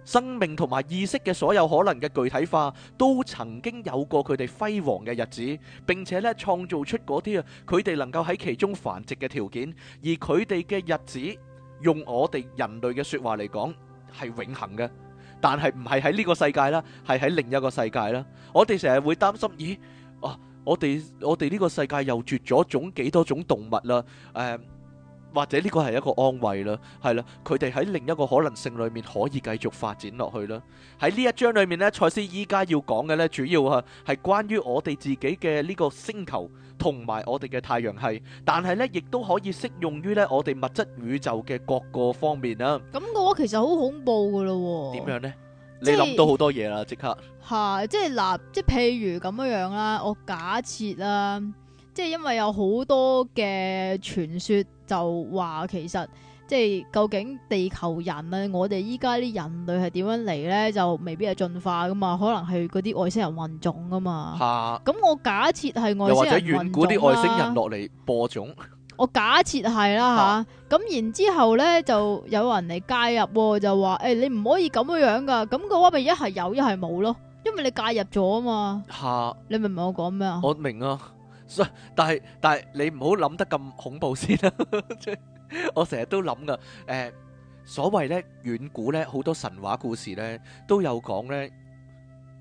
生命同埋意識嘅所有可能嘅具體化，都曾經有過佢哋輝煌嘅日子，並且呢創造出嗰啲啊，佢哋能夠喺其中繁殖嘅條件，而佢哋嘅日子，用我哋人類嘅說話嚟講係永恆嘅，但係唔係喺呢個世界啦，係喺另一個世界啦。我哋成日會擔心，咦，哦。我哋我哋呢個世界又絕咗種幾多種動物啦，誒或者呢個係一個安慰啦，係啦，佢哋喺另一個可能性裏面可以繼續發展落去啦。喺呢一章裏面咧，賽斯依家要講嘅咧，主要吓係關於我哋自己嘅呢個星球同埋我哋嘅太陽系，但係咧亦都可以適用於咧我哋物質宇宙嘅各個方面啊。咁嘅話其實好恐怖噶咯。點樣咧？你諗到好多嘢啦，啊，即刻。係，即係嗱，即係譬如咁樣樣啦。我假設啦，啊，即係因為有好多嘅傳說就話，其實即係究竟地球人啊，我哋依家啲人類係點樣嚟咧，就未必係進化噶嘛，可能係嗰啲外星人混種噶嘛。吓，啊。咁我假設係外星人，啊，或者遠古啲外星人落嚟播種。我假設係啦吓，咁然之後咧就有人嚟介入，就話，誒你唔可以咁嘅樣噶，咁嘅話咪一係有一係冇咯，因為你介入咗啊嘛。吓，你明唔明我講咩啊？我明啊，但係但係你唔好諗得咁恐怖先啦！我成日都諗噶，誒，所謂咧遠古咧好多神話故事咧都有講咧，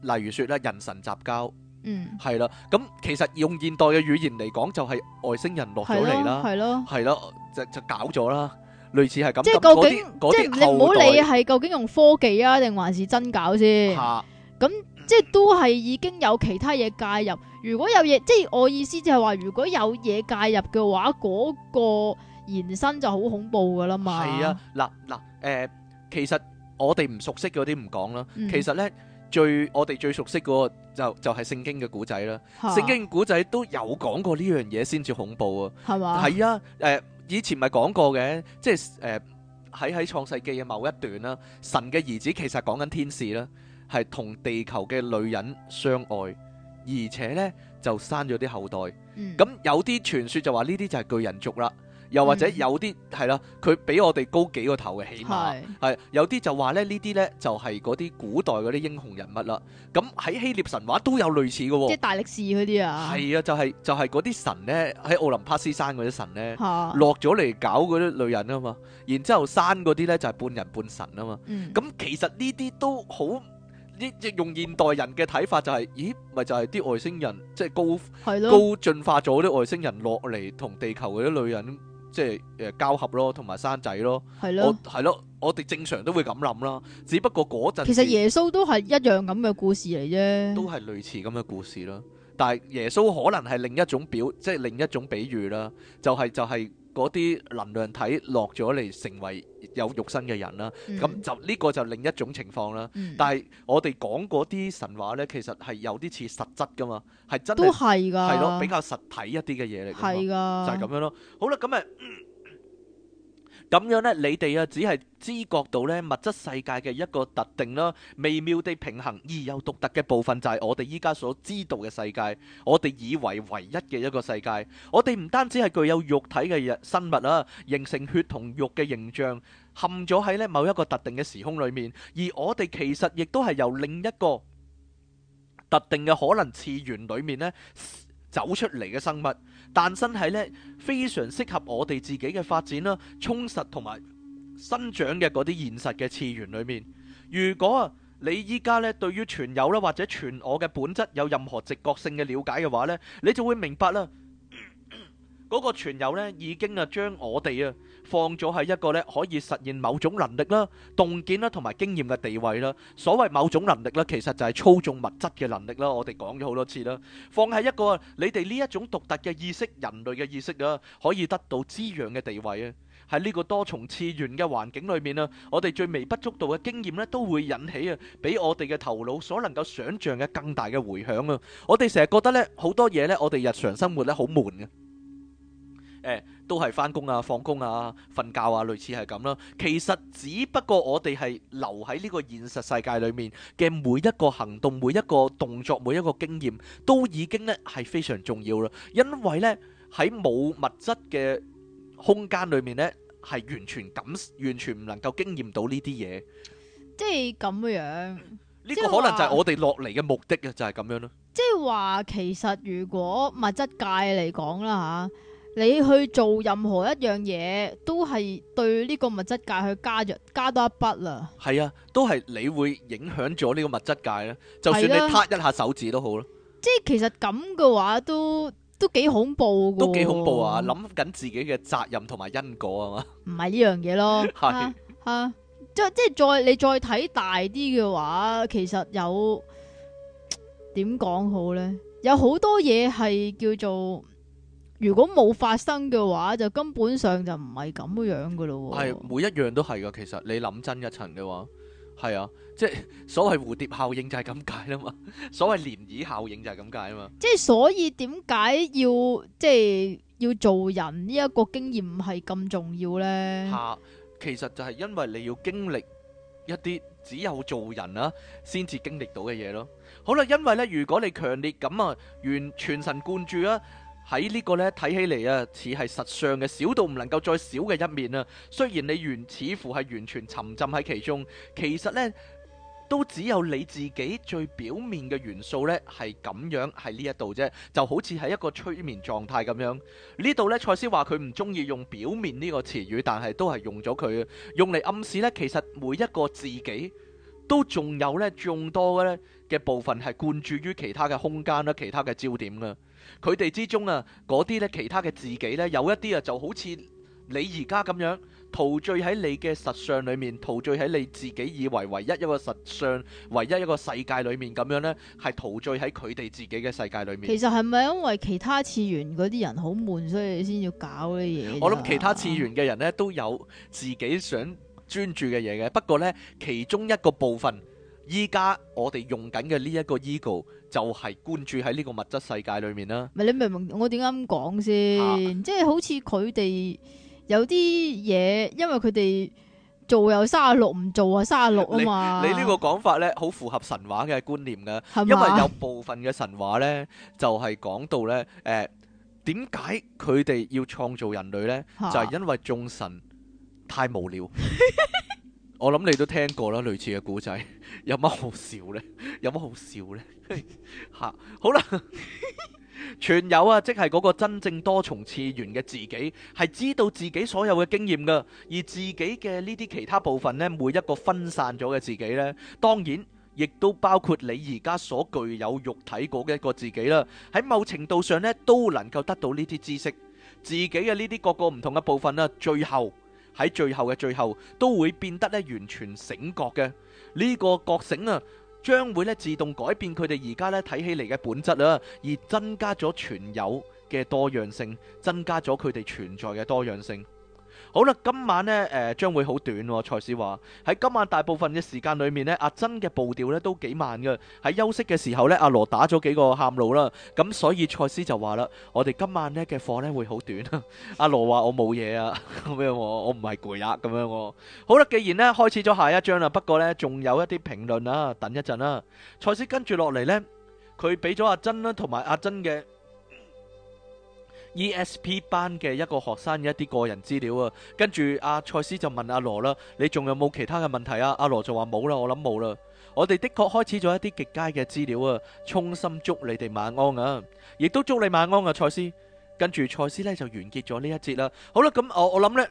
例如說咧人神雜交。嗯，係啦，咁其實用現代嘅語言嚟講，就係外星人落咗嚟啦，係咯，係咯，就就搞咗啦，類似係咁。即係究竟，即係你唔好理係究竟用科技啊，定還是真搞先？吓、啊，咁即係都係已經有其他嘢介入。如果有嘢，即係我意思就係話，如果有嘢介入嘅話，嗰個延伸就好恐怖噶啦嘛。係啊，嗱嗱，誒，其實我哋唔熟悉嗰啲唔講啦，其實咧。嗯最我哋最熟悉嗰個就就係聖經嘅古仔啦，哈聖經古仔都有講過呢樣嘢先至恐怖吧啊，係、呃、啊，誒以前咪講過嘅，即係誒喺喺創世記嘅某一段啦，神嘅兒子其實講緊天使啦，係同地球嘅女人相愛，而且呢就生咗啲後代，咁、嗯、有啲傳說就話呢啲就係巨人族啦。又或者有啲係啦，佢、嗯、比我哋高幾個頭嘅起碼，係是有啲就話咧呢啲咧就係嗰啲古代嗰啲英雄人物啦。咁喺希臘神話都有類似嘅喎、哦。即係大力士嗰啲啊？係、就是就是、啊，就係就係嗰啲神咧，喺奧林匹斯山嗰啲神咧，落咗嚟搞嗰啲女人啊嘛。然之後山嗰啲咧就係半人半神啊嘛。咁、嗯、其實呢啲都好，呢即用現代人嘅睇法就係、是，咦？咪就係啲外星人，即、就、係、是、高的高進化咗啲外星人落嚟同地球嗰啲女人的。即係誒、呃，交合咯，同埋生仔咯，係咯，係咯，我哋正常都會咁諗啦。只不過嗰陣，其實耶穌都係一樣咁嘅故事嚟啫，都係類似咁嘅故事啦。但係耶穌可能係另一種表，即係另一種比喻啦。就係、就係。嗰啲能量體落咗嚟，成為有肉身嘅人啦。咁、嗯、就呢、呢個就另一種情況啦。嗯、但係我哋講嗰啲神話呢，其實係有啲似實質噶嘛，係真係，都係噶，係咯，比較實體一啲嘅嘢嚟，係噶的，就係咁樣咯。好啦，咁誒。嗯咁樣呢，你哋啊，只係知覺到呢物質世界嘅一個特定啦、微妙地平衡而有獨特嘅部分，就係我哋依家所知道嘅世界，我哋以為唯一嘅一個世界。我哋唔單止係具有肉體嘅生物啦，形成血同肉嘅形象，陷咗喺呢某一個特定嘅時空裏面，而我哋其實亦都係由另一個特定嘅可能次元裏面呢走出嚟嘅生物。誕生喺呢，非常適合我哋自己嘅發展啦，充實同埋生長嘅嗰啲現實嘅次元裏面。如果啊，你依家呢，對於全有啦或者全我嘅本質有任何直覺性嘅了解嘅話呢，你就會明白啦。嗰個傳友呢已經啊，將我哋啊放咗喺一個呢可以實現某種能力啦、洞見啦同埋經驗嘅地位啦。所謂某種能力呢，其實就係操縱物質嘅能力啦。我哋講咗好多次啦，放喺一個你哋呢一種獨特嘅意識、人類嘅意識啊，可以得到滋養嘅地位啊。喺呢個多重次元嘅環境裏面啊，我哋最微不足道嘅經驗呢都會引起啊，比我哋嘅頭腦所能夠想像嘅更大嘅迴響啊。我哋成日覺得呢好多嘢呢，我哋日常生活呢好悶嘅。誒、欸，都係翻工啊、放工啊、瞓覺啊，類似係咁啦。其實只不過我哋係留喺呢個現實世界裏面嘅每一個行動、每一個動作、每一個經驗，都已經呢係非常重要啦。因為呢，喺冇物質嘅空間裏面呢，係完全感完全唔能夠經驗到呢啲嘢。即係咁嘅樣，呢、嗯呢個可能就係我哋落嚟嘅目的啊，就係咁樣咯。即係話，其實如果物質界嚟講啦，吓。你去做任何一樣嘢，都係對呢個物質界去加入加多一筆啦。係啊，都係你會影響咗呢個物質界咧。就算你撻一下手指都好咯。即係其實咁嘅話，都都幾恐怖噶。都幾恐怖啊！諗緊自己嘅責任同埋因果啊嘛。唔係呢樣嘢咯，吓吓，即係即係再你再睇大啲嘅話，其實有點講好呢，有好多嘢係叫做。如果冇發生嘅話，就根本上就唔係咁嘅樣嘅咯喎。係每一樣都係噶，其實你諗真一層嘅話，係啊，即係所謂蝴蝶效應就係咁解啊嘛，所謂漣漪效應就係咁解啊嘛。即係所以點解要即係要做人呢一個經驗係咁重要咧？吓，其實就係因為你要經歷一啲只有做人啊先至經歷到嘅嘢咯。好啦，因為咧，如果你強烈咁啊，完全神貫注啊。喺呢個呢睇起嚟啊，似係實相嘅少到唔能夠再少嘅一面啊。雖然你完，似乎係完全沉浸喺其中，其實呢都只有你自己最表面嘅元素呢係咁樣喺呢一度啫。就好似係一個催眠狀態咁樣。呢度呢，賽斯話佢唔中意用表面呢個詞語，但係都係用咗佢啊。用嚟暗示呢，其實每一個自己都仲有呢眾多嘅嘅部分係貫注於其他嘅空間啦，其他嘅焦點啦。佢哋之中啊，嗰啲咧其他嘅自己咧，有一啲啊就好似你而家咁樣，陶醉喺你嘅實相裏面，陶醉喺你自己以為唯一一個實相，唯一一個世界裏面咁樣呢，係陶醉喺佢哋自己嘅世界裏面。其實係咪因為其他次元嗰啲人好悶，所以你先要搞呢嘢？我諗其他次元嘅人呢，都有自己想專注嘅嘢嘅，不過呢，其中一個部分。依家我哋用緊嘅呢一個 ego 就係關注喺呢個物質世界裏面啦。咪你明唔明我點解咁講先？即係好似佢哋有啲嘢，因為佢哋做又三十六，唔做又三十六啊嘛。你呢個講法咧，好符合神話嘅觀念嘅，因為有部分嘅神話咧，就係講到咧，誒點解佢哋要創造人類咧，就係因為眾神太無聊。我諗你都聽過啦，類似嘅故仔，有乜好笑咧？有乜好笑咧？吓，好啦，全有啊，即係嗰個真正多重次元嘅自己，係知道自己所有嘅經驗噶，而自己嘅呢啲其他部分咧，每一個分散咗嘅自己咧，當然亦都包括你而家所具有肉體嗰一個自己啦，喺某程度上咧，都能夠得到呢啲知識，自己嘅呢啲各個唔同嘅部分啦，最後。喺最後嘅最後，都會變得咧完全醒覺嘅。呢個覺醒啊，將會咧自動改變佢哋而家咧睇起嚟嘅本質啦，而增加咗存有嘅多樣性，增加咗佢哋存在嘅多樣性。好啦，今晚呢誒，將，呃，會好短哦。蔡司話喺今晚大部分嘅時間裏面呢，阿珍嘅步調呢都幾慢㗎。喺休息嘅時候呢，阿羅打咗幾個喊路啦。咁，啊，所以蔡司就話啦，「我哋今晚呢嘅課呢會好短啊。」阿羅話我冇嘢啊，咁樣我唔係攰啊，咁樣我。好啦，既然呢開始咗下一章啦，不過呢仲有一啲評論啊，等一陣啦。蔡司跟住落嚟呢，佢俾咗阿珍啦，同埋阿珍嘅。E.S.P 班嘅一個學生嘅一啲個人資料啊，跟住阿賽斯就問阿、啊、羅啦，你仲有冇其他嘅問題啊？阿、啊、羅就話冇啦，我諗冇啦。我哋的確開始咗一啲極佳嘅資料啊，衷心祝你哋晚安啊，亦都祝你晚安啊，賽斯。跟住賽斯呢就完結咗呢一節啦。好啦，咁我我諗呢。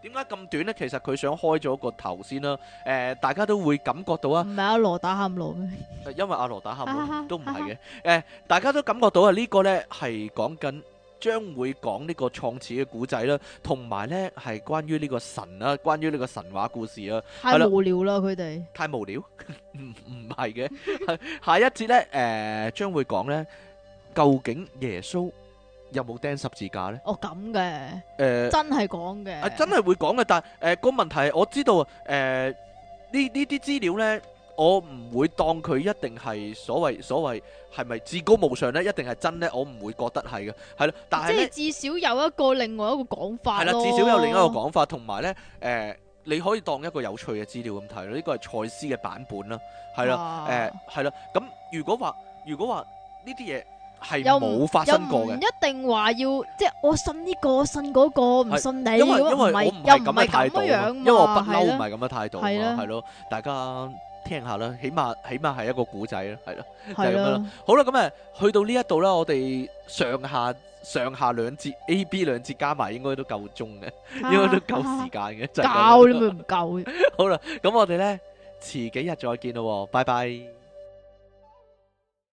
點解咁短呢？其實佢想開咗個頭先啦。誒，大家都會感覺到啊，唔係阿羅打喊路咩？誒，因為阿羅打喊路都唔係嘅。誒，大家都感覺到啊，呢個呢係講緊，將會講呢個創始嘅古仔啦，同埋呢係關於呢個神啦，關於呢個神話故事啊。太無聊啦，係啊，佢哋。太無聊？唔唔係嘅。下一節呢，誒，將會講呢，究竟耶穌。有冇釘十字架呢？哦咁嘅，誒、呃呃，真係講嘅，真係會講嘅，但係誒個問題，我知道誒呢呢啲資料呢，我唔會當佢一定係所謂所謂係咪至高無上呢？一定係真呢，我唔會覺得係嘅，係咯，但係即係至少有一個另外一個講法，係啦，至少有另外一個講法，同埋呢，誒、呃，你可以當一個有趣嘅資料咁睇，呢個係賽斯嘅版本啦，係啦，誒哇，係啦、呃，咁如果話如果話呢啲嘢。係冇發生過嘅，一定話要即係我信呢個信嗰個唔信你，因為唔係唔係咁嘅態度，因為我不嬲，唔係咁嘅態度，係咯，大家聽下啦，起碼起碼係一個古仔啦，係咯，就咁樣啦，好啦，咁誒去到呢一度啦，我哋上下上下兩節 A B 兩節加埋應該都夠鐘嘅，應該都夠時間嘅，教你咪唔夠，好啦，咁我哋咧遲幾日再見咯，拜拜。